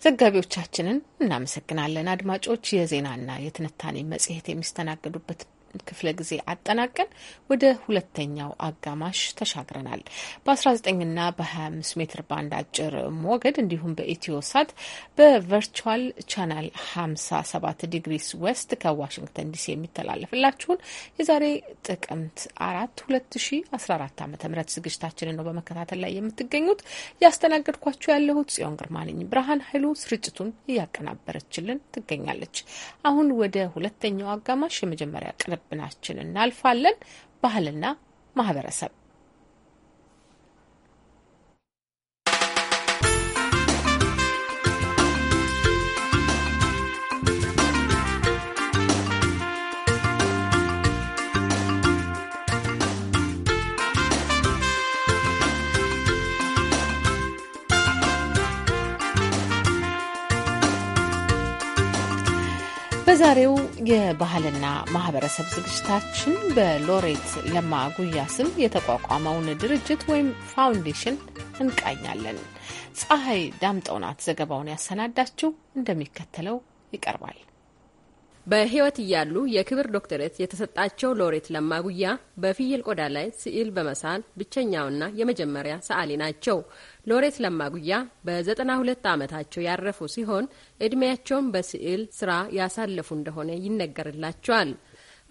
ዘጋቢዎቻችንን እናመሰግናለን። አድማጮች፣ የዜናና የትንታኔ መጽሔት የሚስተናገዱበት ክፍለ ጊዜ አጠናቀን ወደ ሁለተኛው አጋማሽ ተሻግረናል። በ19ና በ25 ሜትር ባንድ አጭር ሞገድ እንዲሁም በኢትዮ ሳት በቨርቹዋል ቻናል 57 ዲግሪስ ዌስት ከዋሽንግተን ዲሲ የሚተላለፍላችሁን የዛሬ ጥቅምት 4 2014 ዓ ም ዝግጅታችንን ነው በመከታተል ላይ የምትገኙት። ያስተናገድኳችሁ ያለሁት ጽዮን ግርማ ነኝ። ብርሃን ኃይሉ ስርጭቱን እያቀናበረችልን ትገኛለች። አሁን ወደ ሁለተኛው አጋማሽ የመጀመሪያ ቅንብ ቅንብራችን እናልፋለን። ባህልና ማህበረሰብ በዛሬው የባህልና ማህበረሰብ ዝግጅታችን በሎሬት ለማ ጉያ ስም የተቋቋመውን ድርጅት ወይም ፋውንዴሽን እንቃኛለን። ፀሐይ ዳምጠውናት ዘገባውን ያሰናዳችው፣ እንደሚከተለው ይቀርባል። በህይወት እያሉ የክብር ዶክተሬት የተሰጣቸው ሎሬት ለማ ጉያ በፍየል ቆዳ ላይ ስዕል በመሳል ብቸኛውና የመጀመሪያ ሰዓሊ ናቸው። ሎሬት ለማጉያ በ92 ዓመታቸው ያረፉ ሲሆን ዕድሜያቸውን በስዕል ስራ ያሳለፉ እንደሆነ ይነገርላቸዋል።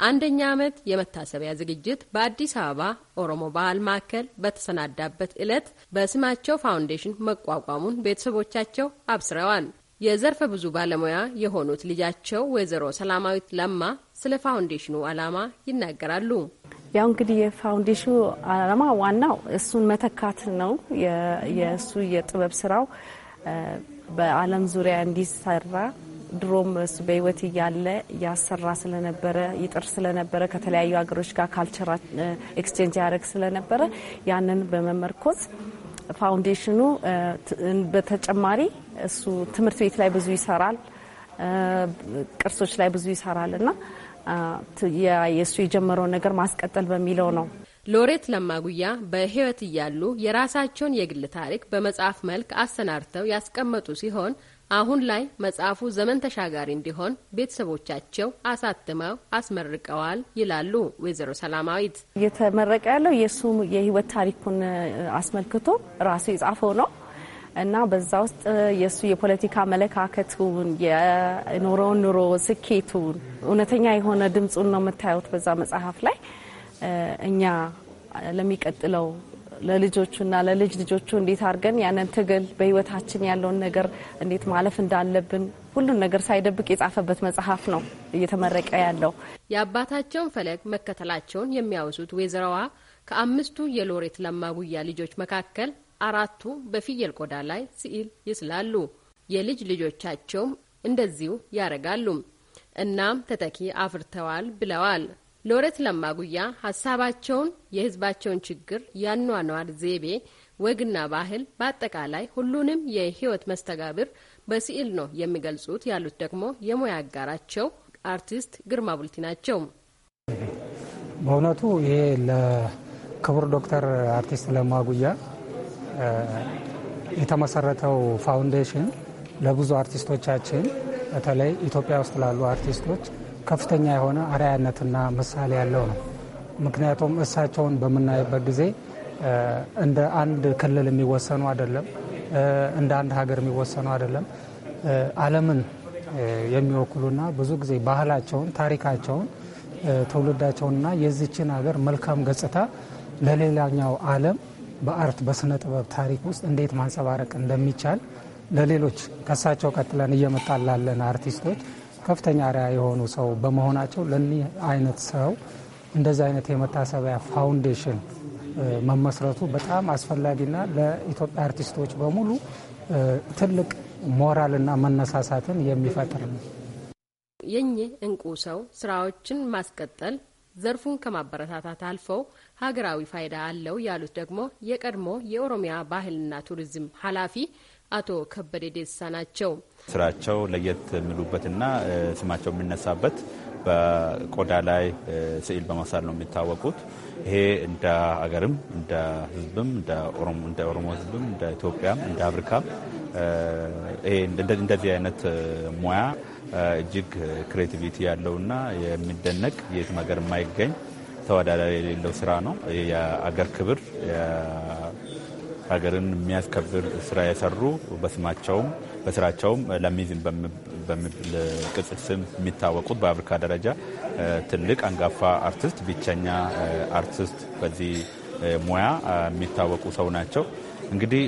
አንደኛ ዓመት የመታሰቢያ ዝግጅት በአዲስ አበባ ኦሮሞ ባህል ማዕከል በተሰናዳበት ዕለት በስማቸው ፋውንዴሽን መቋቋሙን ቤተሰቦቻቸው አብስረዋል። የዘርፈ ብዙ ባለሙያ የሆኑት ልጃቸው ወይዘሮ ሰላማዊት ለማ ስለ ፋውንዴሽኑ ዓላማ ይናገራሉ። ያው እንግዲህ የፋውንዴሽኑ ዓላማ ዋናው እሱን መተካት ነው። የእሱ የጥበብ ስራው በዓለም ዙሪያ እንዲሰራ ድሮም እሱ በህይወት እያለ ያሰራ ስለነበረ ይጥር ስለነበረ ከተለያዩ ሀገሮች ጋር ካልቸራ ኤክስቼንጅ ያደረግ ስለነበረ ያንን በመመርኮዝ ፋውንዴሽኑ በተጨማሪ እሱ ትምህርት ቤት ላይ ብዙ ይሰራል፣ ቅርሶች ላይ ብዙ ይሰራል እና የእሱ የጀመረውን ነገር ማስቀጠል በሚለው ነው። ሎሬት ለማጉያ በሕይወት እያሉ የራሳቸውን የግል ታሪክ በመጽሐፍ መልክ አሰናድተው ያስቀመጡ ሲሆን አሁን ላይ መጽሐፉ ዘመን ተሻጋሪ እንዲሆን ቤተሰቦቻቸው አሳትመው አስመርቀዋል ይላሉ ወይዘሮ ሰላማዊት። እየተመረቀ ያለው የእሱ የህይወት ታሪኩን አስመልክቶ ራሱ የጻፈው ነው እና በዛ ውስጥ የእሱ የፖለቲካ አመለካከቱን የኖረውን ኑሮ ስኬቱን፣ እውነተኛ የሆነ ድምፁን ነው የምታዩት በዛ መጽሐፍ ላይ እኛ ለሚቀጥለው ለልጆቹና ለልጅ ልጆቹ እንዴት አድርገን ያንን ትግል በህይወታችን ያለውን ነገር እንዴት ማለፍ እንዳለብን ሁሉን ነገር ሳይደብቅ የጻፈበት መጽሐፍ ነው እየተመረቀ ያለው። የአባታቸውን ፈለግ መከተላቸውን የሚያወሱት ወይዘሮዋ ከአምስቱ የሎሬት ለማጉያ ልጆች መካከል አራቱ በፍየል ቆዳ ላይ ስዕል ይስላሉ። የልጅ ልጆቻቸውም እንደዚሁ ያደርጋሉ። እናም ተተኪ አፍርተዋል ብለዋል። ሎሬት ለማጉያ ሀሳባቸውን የህዝባቸውን ችግር፣ ያኗኗር ዘይቤ፣ ወግና ባህል፣ በአጠቃላይ ሁሉንም የህይወት መስተጋብር በስዕል ነው የሚገልጹት ያሉት ደግሞ የሙያ አጋራቸው አርቲስት ግርማ ቡልቲ ናቸው። በእውነቱ ይሄ ለክቡር ዶክተር አርቲስት ለማጉያ የተመሰረተው ፋውንዴሽን ለብዙ አርቲስቶቻችን በተለይ ኢትዮጵያ ውስጥ ላሉ አርቲስቶች ከፍተኛ የሆነ አርያነትና ምሳሌ ያለው ነው። ምክንያቱም እሳቸውን በምናይበት ጊዜ እንደ አንድ ክልል የሚወሰኑ አይደለም፣ እንደ አንድ ሀገር የሚወሰኑ አይደለም። ዓለምን የሚወክሉና ብዙ ጊዜ ባህላቸውን፣ ታሪካቸውን፣ ትውልዳቸውንና የዚችን ሀገር መልካም ገጽታ ለሌላኛው ዓለም በአርት በስነ ጥበብ ታሪክ ውስጥ እንዴት ማንጸባረቅ እንደሚቻል ለሌሎች ከሳቸው ቀጥለን እየመጣላለን አርቲስቶች ከፍተኛ ሪያ የሆኑ ሰው በመሆናቸው ለኒህ አይነት ሰው እንደዚህ አይነት የመታሰቢያ ፋውንዴሽን መመስረቱ በጣም አስፈላጊና ለኢትዮጵያ አርቲስቶች በሙሉ ትልቅ ሞራልና መነሳሳትን የሚፈጥር ነው። የኚህ እንቁ ሰው ስራዎችን ማስቀጠል ዘርፉን ከማበረታታት አልፈው ሀገራዊ ፋይዳ አለው ያሉት ደግሞ የቀድሞ የኦሮሚያ ባህልና ቱሪዝም ኃላፊ አቶ ከበደ ደሳ ናቸው። ስራቸው ለየት የሚሉበትና ስማቸው የሚነሳበት በቆዳ ላይ ስዕል በማሳል ነው የሚታወቁት። ይሄ እንደ አገርም እንደ ህዝብም እንደ ኦሮሞ ህዝብም እንደ ኢትዮጵያም እንደ አፍሪካም እንደዚህ አይነት ሙያ እጅግ ክሬቲቪቲ ያለውና የሚደነቅ የትም ሀገር የማይገኝ ተወዳዳሪ የሌለው ስራ ነው። የአገር ክብር ሀገርን የሚያስከብር ስራ የሰሩ በስማቸውም በስራቸውም ለሚዝም በሚል ቅጽል ስም የሚታወቁት በአፍሪካ ደረጃ ትልቅ አንጋፋ አርቲስት፣ ብቸኛ አርቲስት በዚህ ሙያ የሚታወቁ ሰው ናቸው። እንግዲህ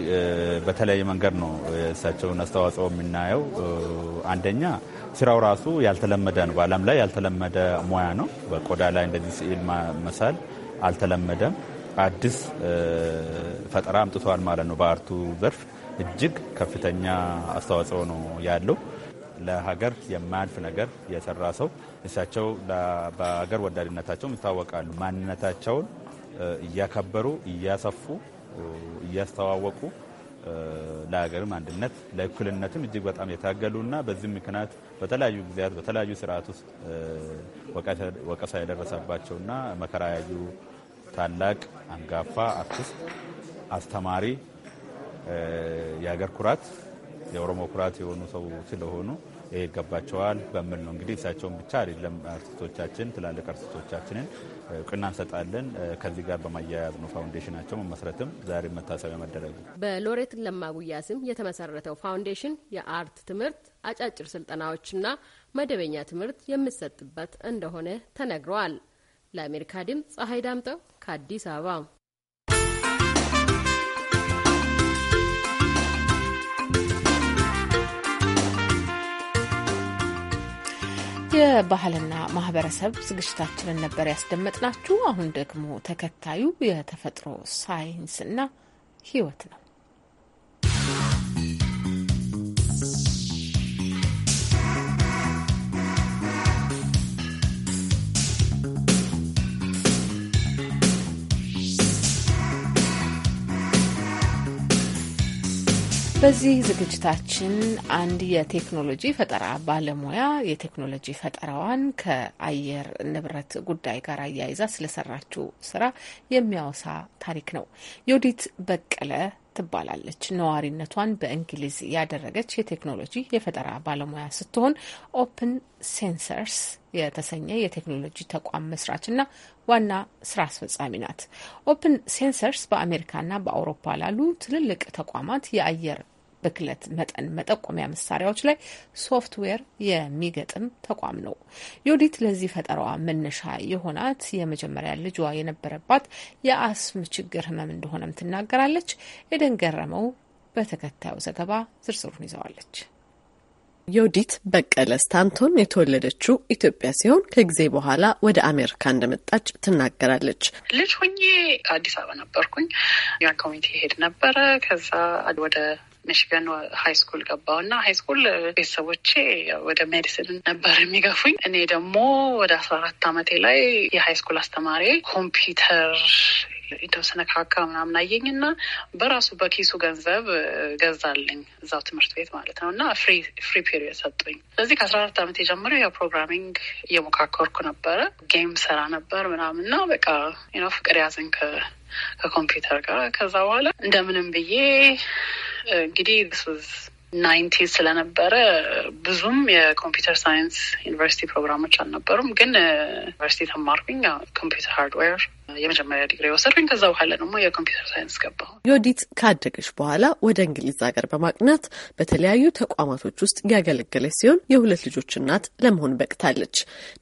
በተለያየ መንገድ ነው እሳቸውን አስተዋጽኦ የምናየው። አንደኛ ስራው ራሱ ያልተለመደ ነው። በዓለም ላይ ያልተለመደ ሙያ ነው። በቆዳ ላይ እንደዚህ ስዕል መሳል አልተለመደም። አዲስ ፈጠራ አምጥተዋል ማለት ነው። በአርቱ ዘርፍ እጅግ ከፍተኛ አስተዋጽኦ ነው ያለው። ለሀገር የማያልፍ ነገር የሰራ ሰው እሳቸው በሀገር ወዳድነታቸውም ይታወቃሉ። ማንነታቸውን እያከበሩ እያሰፉ እያስተዋወቁ ለሀገርም አንድነት ለእኩልነትም እጅግ በጣም እና በዚህ ምክንያት በተለያዩ ጊዜያት በተለያዩ ስርዓት ውስጥ ወቀሳ የደረሰባቸውና መከራ ያዩ ታላቅ አንጋፋ አርቲስት፣ አስተማሪ፣ የሀገር ኩራት፣ የኦሮሞ ኩራት የሆኑ ሰው ስለሆኑ ይሄ ይገባቸዋል በሚል ነው እንግዲህ እሳቸውን ብቻ አይደለም አርቲስቶቻችን ትላልቅ አርቲስቶቻችንን እውቅና እንሰጣለን። ከዚህ ጋር በማያያዝ ነው ፋውንዴሽናቸው መመስረትም ዛሬ መታሰቢያ መደረጉ። በሎሬት ለማጉያ ስም የተመሰረተው ፋውንዴሽን የአርት ትምህርት አጫጭር ስልጠናዎችና መደበኛ ትምህርት የምሰጥበት እንደሆነ ተነግረዋል። ለአሜሪካ ድምፅ ፀሐይ ዳምጠው ከአዲስ አበባ የባህልና ማህበረሰብ ዝግጅታችንን ነበር ያስደመጥናችሁ። አሁን ደግሞ ተከታዩ የተፈጥሮ ሳይንስና ሕይወት ነው። በዚህ ዝግጅታችን አንድ የቴክኖሎጂ ፈጠራ ባለሙያ የቴክኖሎጂ ፈጠራዋን ከአየር ንብረት ጉዳይ ጋር አያይዛ ስለሰራችው ስራ የሚያወሳ ታሪክ ነው። ዮዲት በቀለ ትባላለች። ነዋሪነቷን በእንግሊዝ ያደረገች የቴክኖሎጂ የፈጠራ ባለሙያ ስትሆን ኦፕን ሴንሰርስ የተሰኘ የቴክኖሎጂ ተቋም መስራችና ዋና ስራ አስፈጻሚ ናት። ኦፕን ሴንሰርስ በአሜሪካና በአውሮፓ ላሉ ትልልቅ ተቋማት የአየር ብክለት መጠን መጠቆሚያ መሳሪያዎች ላይ ሶፍትዌር የሚገጥም ተቋም ነው። ዮዲት ለዚህ ፈጠራዋ መነሻ የሆናት የመጀመሪያ ልጇ የነበረባት የአስም ችግር ህመም እንደሆነም ትናገራለች። ኤደን ገረመው በተከታዩ ዘገባ ዝርዝሩን ይዘዋለች። ዮዲት በቀለ ስታንቶን የተወለደችው ኢትዮጵያ ሲሆን ከጊዜ በኋላ ወደ አሜሪካ እንደመጣች ትናገራለች። ልጅ ሆኜ አዲስ አበባ ነበርኩኝ። ያ ኮሚቴ ሄድ ነበረ። ከዛ ወደ ሚሽገን ሀይ ስኩል ገባሁ እና ሀይ ስኩል ቤተሰቦቼ ወደ ሜዲሲን ነበር የሚገፉኝ። እኔ ደግሞ ወደ አስራ አራት አመቴ ላይ የሀይ ስኩል አስተማሪ ኮምፒውተር የተወሰነካካ ምናምን እና በራሱ በኪሱ ገንዘብ ገዛልኝ እዛው ትምህርት ቤት ማለት ነው። እና ፍሪ ፔሪዮድ ሰጡኝ። ስለዚህ ከአስራ አራት አመት የጀምሮ ያው ፕሮግራሚንግ እየሞካከርኩ ነበረ። ጌም ሰራ ነበር ምናምን እና በቃ ነው ፍቅር ያዘኝ ከኮምፒውተር ጋር። ከዛ በኋላ እንደምንም ብዬ እንግዲህ ናይንቲ ስለነበረ ብዙም የኮምፒውተር ሳይንስ ዩኒቨርሲቲ ፕሮግራሞች አልነበሩም። ግን uh, ዩኒቨርሲቲ ተማርኩኝ ኮምፒውተር ሃርድዌር የመጀመሪያ ዲግሪ ወሰድኩኝ። ከዛ በኋላ ደግሞ የኮምፒውተር ሳይንስ ገባሁ። ዮዲት ካደገች በኋላ ወደ እንግሊዝ ሀገር በማቅናት በተለያዩ ተቋማቶች ውስጥ ያገለገለች ሲሆን የሁለት ልጆች እናት ለመሆን በቅታለች።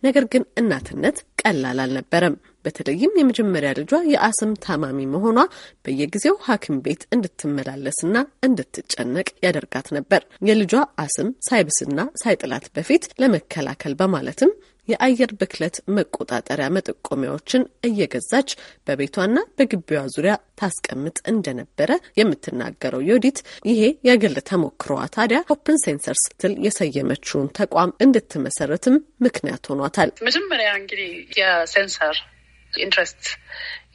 ነገር ግን እናትነት ቀላል አልነበረም። በተለይም የመጀመሪያ ልጇ የአስም ታማሚ መሆኗ በየጊዜው ሐኪም ቤት እንድትመላለስና እንድትጨነቅ ያደርጋት ነበር። የልጇ አስም ሳይብስና ሳይጥላት በፊት ለመከላከል በማለትም የአየር ብክለት መቆጣጠሪያ መጠቆሚያዎችን እየገዛች በቤቷና በግቢዋ ዙሪያ ታስቀምጥ እንደነበረ የምትናገረው ዮዲት ይሄ የግል ተሞክሮዋ ታዲያ ኦፕን ሴንሰር ስትል የሰየመችውን ተቋም እንድትመሰረትም ምክንያት ሆኗታል። መጀመሪያ እንግዲህ የሴንሰር ኢንትረስት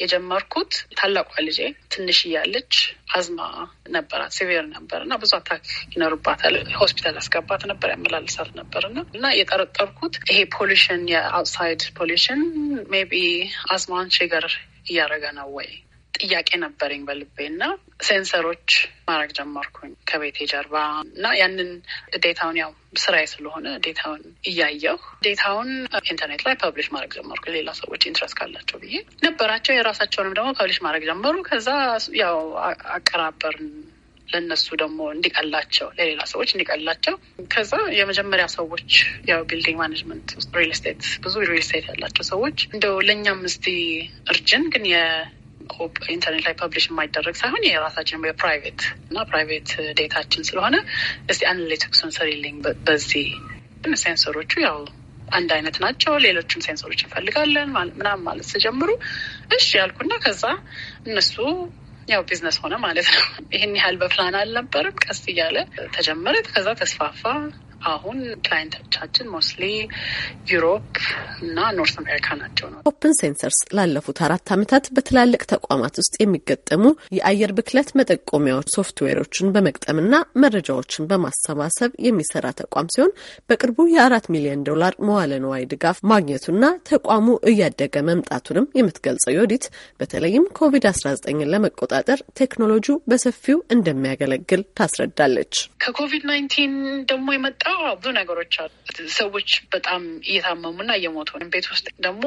የጀመርኩት ታላቋ ልጄ ትንሽ እያለች አዝማ ነበራት፣ ሲቪር ነበር እና ብዙ አታክ ይኖርባታል። ሆስፒታል አስገባት ነበር፣ ያመላልሳት ነበር እና እና የጠረጠርኩት ይሄ ፖሊሽን፣ የአውትሳይድ ፖሊሽን ሜቢ አዝማን ሽገር እያደረገ ነው ወይ ጥያቄ ነበረኝ በልቤ እና ሴንሰሮች ማድረግ ጀመርኩኝ ከቤቴ ጀርባ እና ያንን ዴታውን ያው ስራዬ ስለሆነ ዴታውን እያየሁ ዴታውን ኢንተርኔት ላይ ፐብሊሽ ማድረግ ጀመርኩ። ሌላ ሰዎች ኢንትረስት ካላቸው ብዬ ነበራቸው። የራሳቸውንም ደግሞ ፐብሊሽ ማድረግ ጀመሩ። ከዛ ያው አቀራበርን ለእነሱ ደግሞ እንዲቀላቸው ለሌላ ሰዎች እንዲቀላቸው። ከዛ የመጀመሪያ ሰዎች ያው ቢልዲንግ ማኔጅመንት ሪል ስቴት ብዙ ሪል ስቴት ያላቸው ሰዎች እንደው ለእኛም እስቲ እርጅን ግን ኢንተርኔት ላይ ፐብሊሽ የማይደረግ ሳይሆን የራሳችን የፕራይቬት እና ፕራይቬት ዴታችን ስለሆነ እስቲ አናሊቲክሱን ስሪልኝ በዚህ ሴንሰሮቹ ያው አንድ አይነት ናቸው። ሌሎችም ሴንሰሮች እንፈልጋለን ምናምን ማለት ስጀምሩ እሺ ያልኩና ከዛ እነሱ ያው ቢዝነስ ሆነ ማለት ነው። ይህን ያህል በፕላን አልነበርም። ቀስ እያለ ተጀመረ። ከዛ ተስፋፋ። አሁን ክላይንቶቻችን ሞስሊ ዩሮፕ እና ኖርስ አሜሪካ ናቸው ነው። ኦፕን ሴንሰርስ ላለፉት አራት ዓመታት በትላልቅ ተቋማት ውስጥ የሚገጠሙ የአየር ብክለት መጠቆሚያዎች ሶፍትዌሮችን በመቅጠምና መረጃዎችን በማሰባሰብ የሚሰራ ተቋም ሲሆን በቅርቡ የአራት ሚሊዮን ዶላር መዋለ ንዋይ ድጋፍ ማግኘቱና ተቋሙ እያደገ መምጣቱንም የምትገልጸው ዮዲት በተለይም ኮቪድ 19 ዘጠኝን ለመቆጣጠር ቴክኖሎጂው በሰፊው እንደሚያገለግል ታስረዳለች። ናይንቲን ደግሞ የመጣ ብዙ ነገሮች አሉ። ሰዎች በጣም እየታመሙና እየሞቱ ነው። ቤት ውስጥ ደግሞ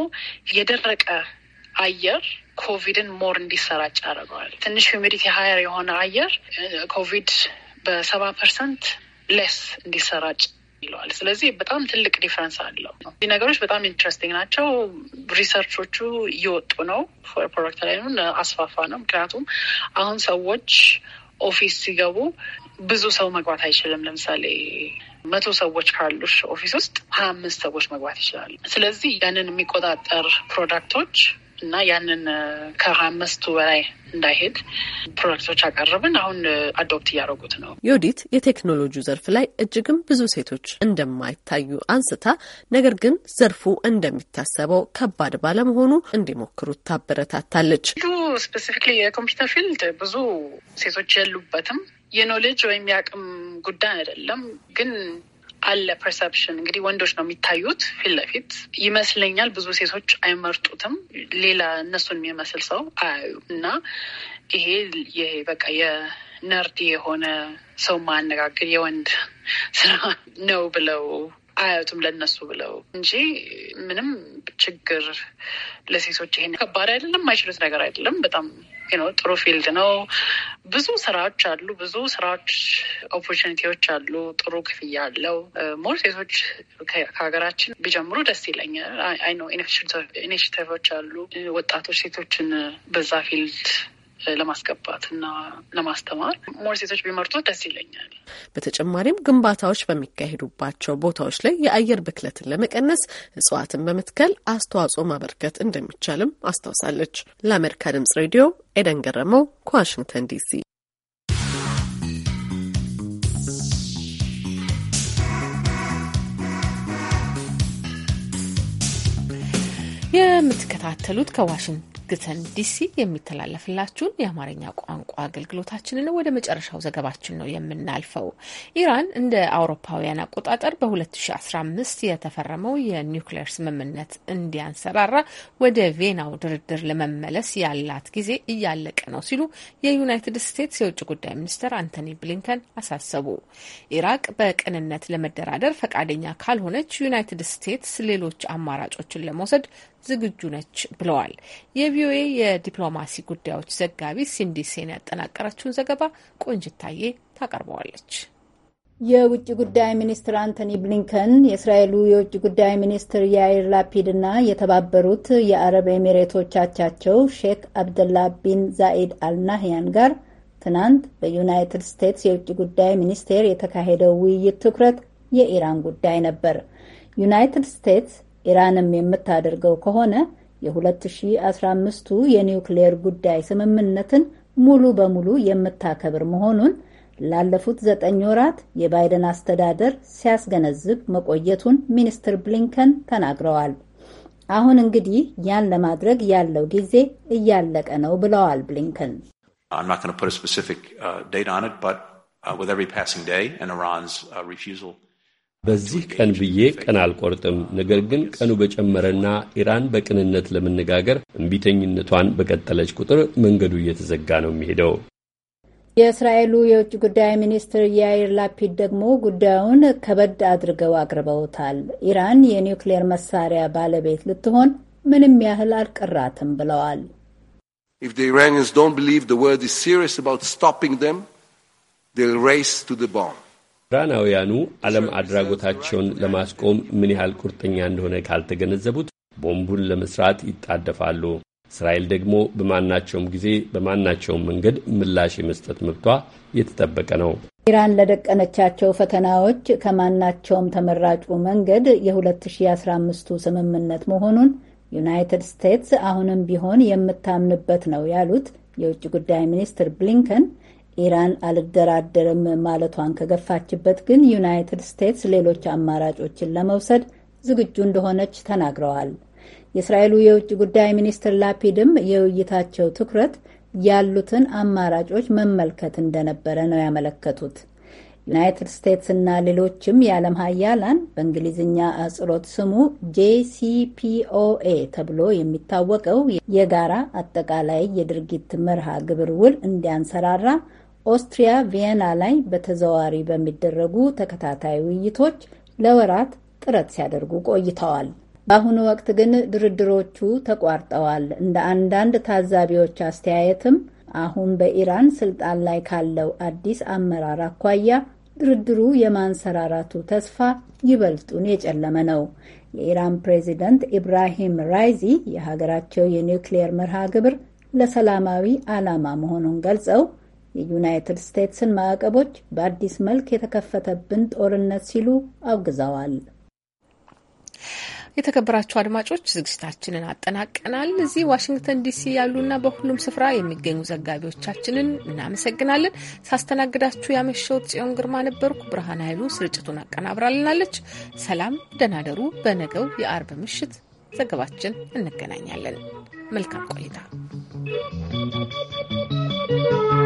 የደረቀ አየር ኮቪድን ሞር እንዲሰራጭ ያደርገዋል። ትንሽ ሂሚዲቲ ሀየር የሆነ አየር ኮቪድ በሰባ ፐርሰንት ሌስ እንዲሰራጭ ይለዋል። ስለዚህ በጣም ትልቅ ዲፍረንስ አለው። እዚህ ነገሮች በጣም ኢንትረስቲንግ ናቸው። ሪሰርቾቹ እየወጡ ነው። ፕሮዳክት ላይ አስፋፋ ነው። ምክንያቱም አሁን ሰዎች ኦፊስ ሲገቡ ብዙ ሰው መግባት አይችልም። ለምሳሌ መቶ ሰዎች ካሉሽ ኦፊስ ውስጥ ሀያ አምስት ሰዎች መግባት ይችላሉ። ስለዚህ ያንን የሚቆጣጠር ፕሮዳክቶች እና ያንን ከሀያ አምስቱ በላይ እንዳይሄድ ፕሮዳክቶች አቀርብን። አሁን አዶፕት እያደረጉት ነው። ዮዲት የቴክኖሎጂው ዘርፍ ላይ እጅግም ብዙ ሴቶች እንደማይታዩ አንስታ፣ ነገር ግን ዘርፉ እንደሚታሰበው ከባድ ባለመሆኑ እንዲሞክሩት ታበረታታለች። ብዙ የኮምፒውተር ፊልድ ብዙ ሴቶች የሉበትም የኖሌጅ ወይም የአቅም ጉዳይ አይደለም ግን አለ ፐርሰፕሽን እንግዲህ ወንዶች ነው የሚታዩት ፊት ለፊት ይመስለኛል። ብዙ ሴቶች አይመርጡትም። ሌላ እነሱን የሚመስል ሰው አያዩ እና ይሄ ይሄ በቃ የነርድ የሆነ ሰው ማነጋገር የወንድ ስራ ነው ብለው አያዩትም ለነሱ ብለው እንጂ ምንም ችግር ለሴቶች ይሄን ከባድ አይደለም፣ የማይችሉት ነገር አይደለም። በጣም ጥሩ ፊልድ ነው። ብዙ ስራዎች አሉ፣ ብዙ ስራዎች ኦፖርቹኒቲዎች አሉ። ጥሩ ክፍያ አለው። ሞር ሴቶች ከሀገራችን ቢጀምሩ ደስ ይለኛል። አይ ነው አሉ። ወጣቶች ሴቶችን በዛ ፊልድ ለማስገባት እና ለማስተማር ሞር ሴቶች ቢመርጡ ደስ ይለኛል። በተጨማሪም ግንባታዎች በሚካሄዱባቸው ቦታዎች ላይ የአየር ብክለትን ለመቀነስ እጽዋትን በመትከል አስተዋጽኦ ማበርከት እንደሚቻልም አስታውሳለች። ለአሜሪካ ድምጽ ሬዲዮ ኤደን ገረመው ከዋሽንግተን ዲሲ። የምትከታተሉት ከዋሽንግተን ከዋሽንግተን ዲሲ የሚተላለፍላችሁን የአማርኛ ቋንቋ አገልግሎታችንን ወደ መጨረሻው ዘገባችን ነው የምናልፈው። ኢራን እንደ አውሮፓውያን አቆጣጠር በ2015 የተፈረመው የኒውክሌር ስምምነት እንዲያንሰራራ ወደ ቬናው ድርድር ለመመለስ ያላት ጊዜ እያለቀ ነው ሲሉ የዩናይትድ ስቴትስ የውጭ ጉዳይ ሚኒስትር አንቶኒ ብሊንከን አሳሰቡ። ኢራቅ በቅንነት ለመደራደር ፈቃደኛ ካልሆነች ዩናይትድ ስቴትስ ሌሎች አማራጮችን ለመውሰድ ዝግጁ ነች ብለዋል። የቪኦኤ የዲፕሎማሲ ጉዳዮች ዘጋቢ ሲንዲ ሴን ያጠናቀረችውን ዘገባ ቆንጅታዬ ታቀርበዋለች። የውጭ ጉዳይ ሚኒስትር አንቶኒ ብሊንከን የእስራኤሉ የውጭ ጉዳይ ሚኒስትር ያይር ላፒድ እና የተባበሩት የአረብ ኤሚሬቶቻቻቸው ሼክ አብደላ ቢን ዛኢድ አልናህያን ጋር ትናንት በዩናይትድ ስቴትስ የውጭ ጉዳይ ሚኒስቴር የተካሄደው ውይይት ትኩረት የኢራን ጉዳይ ነበር። ዩናይትድ ስቴትስ ኢራንም የምታደርገው ከሆነ የ2015ቱ የኒውክሌየር ጉዳይ ስምምነትን ሙሉ በሙሉ የምታከብር መሆኑን ላለፉት ዘጠኝ ወራት የባይደን አስተዳደር ሲያስገነዝብ መቆየቱን ሚኒስትር ብሊንከን ተናግረዋል። አሁን እንግዲህ ያን ለማድረግ ያለው ጊዜ እያለቀ ነው ብለዋል ብሊንከን። በዚህ ቀን ብዬ ቀን አልቆርጥም። ነገር ግን ቀኑ በጨመረና ኢራን በቅንነት ለመነጋገር እምቢተኝነቷን በቀጠለች ቁጥር መንገዱ እየተዘጋ ነው የሚሄደው። የእስራኤሉ የውጭ ጉዳይ ሚኒስትር ያይር ላፒድ ደግሞ ጉዳዩን ከበድ አድርገው አቅርበውታል። ኢራን የኒውክሌር መሳሪያ ባለቤት ልትሆን ምንም ያህል አልቀራትም ብለዋል። ኢራንያንስ ዶንት ቢሊቭ ዘ ወርልድ ኢዝ ሲሪየስ አባውት ኢራናውያኑ ዓለም አድራጎታቸውን ለማስቆም ምን ያህል ቁርጠኛ እንደሆነ ካልተገነዘቡት ቦምቡን ለመስራት ይጣደፋሉ። እስራኤል ደግሞ በማናቸውም ጊዜ በማናቸውም መንገድ ምላሽ የመስጠት መብቷ የተጠበቀ ነው። ኢራን ለደቀነቻቸው ፈተናዎች ከማናቸውም ተመራጩ መንገድ የ2015ቱ ስምምነት መሆኑን ዩናይትድ ስቴትስ አሁንም ቢሆን የምታምንበት ነው ያሉት የውጭ ጉዳይ ሚኒስትር ብሊንከን ኢራን አልደራደርም ማለቷን ከገፋችበት ግን ዩናይትድ ስቴትስ ሌሎች አማራጮችን ለመውሰድ ዝግጁ እንደሆነች ተናግረዋል። የእስራኤሉ የውጭ ጉዳይ ሚኒስትር ላፒድም የውይይታቸው ትኩረት ያሉትን አማራጮች መመልከት እንደነበረ ነው ያመለከቱት። ዩናይትድ ስቴትስ እና ሌሎችም የዓለም ሀያላን በእንግሊዝኛ አጽሮት ስሙ ጄሲፒኦኤ ተብሎ የሚታወቀው የጋራ አጠቃላይ የድርጊት መርሃ ግብር ውል እንዲያንሰራራ ኦስትሪያ ቪየና ላይ በተዘዋዋሪ በሚደረጉ ተከታታይ ውይይቶች ለወራት ጥረት ሲያደርጉ ቆይተዋል። በአሁኑ ወቅት ግን ድርድሮቹ ተቋርጠዋል። እንደ አንዳንድ ታዛቢዎች አስተያየትም አሁን በኢራን ስልጣን ላይ ካለው አዲስ አመራር አኳያ ድርድሩ የማንሰራራቱ ተስፋ ይበልጡን የጨለመ ነው። የኢራን ፕሬዚደንት ኢብራሂም ራይዚ የሀገራቸው የኒውክሌየር መርሃ ግብር ለሰላማዊ ዓላማ መሆኑን ገልጸው የዩናይትድ ስቴትስን ማዕቀቦች በአዲስ መልክ የተከፈተብን ጦርነት ሲሉ አውግዘዋል። የተከበራችሁ አድማጮች ዝግጅታችንን አጠናቀናል። እዚህ ዋሽንግተን ዲሲ ያሉና በሁሉም ስፍራ የሚገኙ ዘጋቢዎቻችንን እናመሰግናለን። ሳስተናግዳችሁ ያመሸውት ጽዮን ግርማ ነበርኩ። ብርሃን ኃይሉ ስርጭቱን አቀናብራልናለች። ሰላም ደናደሩ። በነገው የአርብ ምሽት ዘገባችን እንገናኛለን። መልካም ቆይታ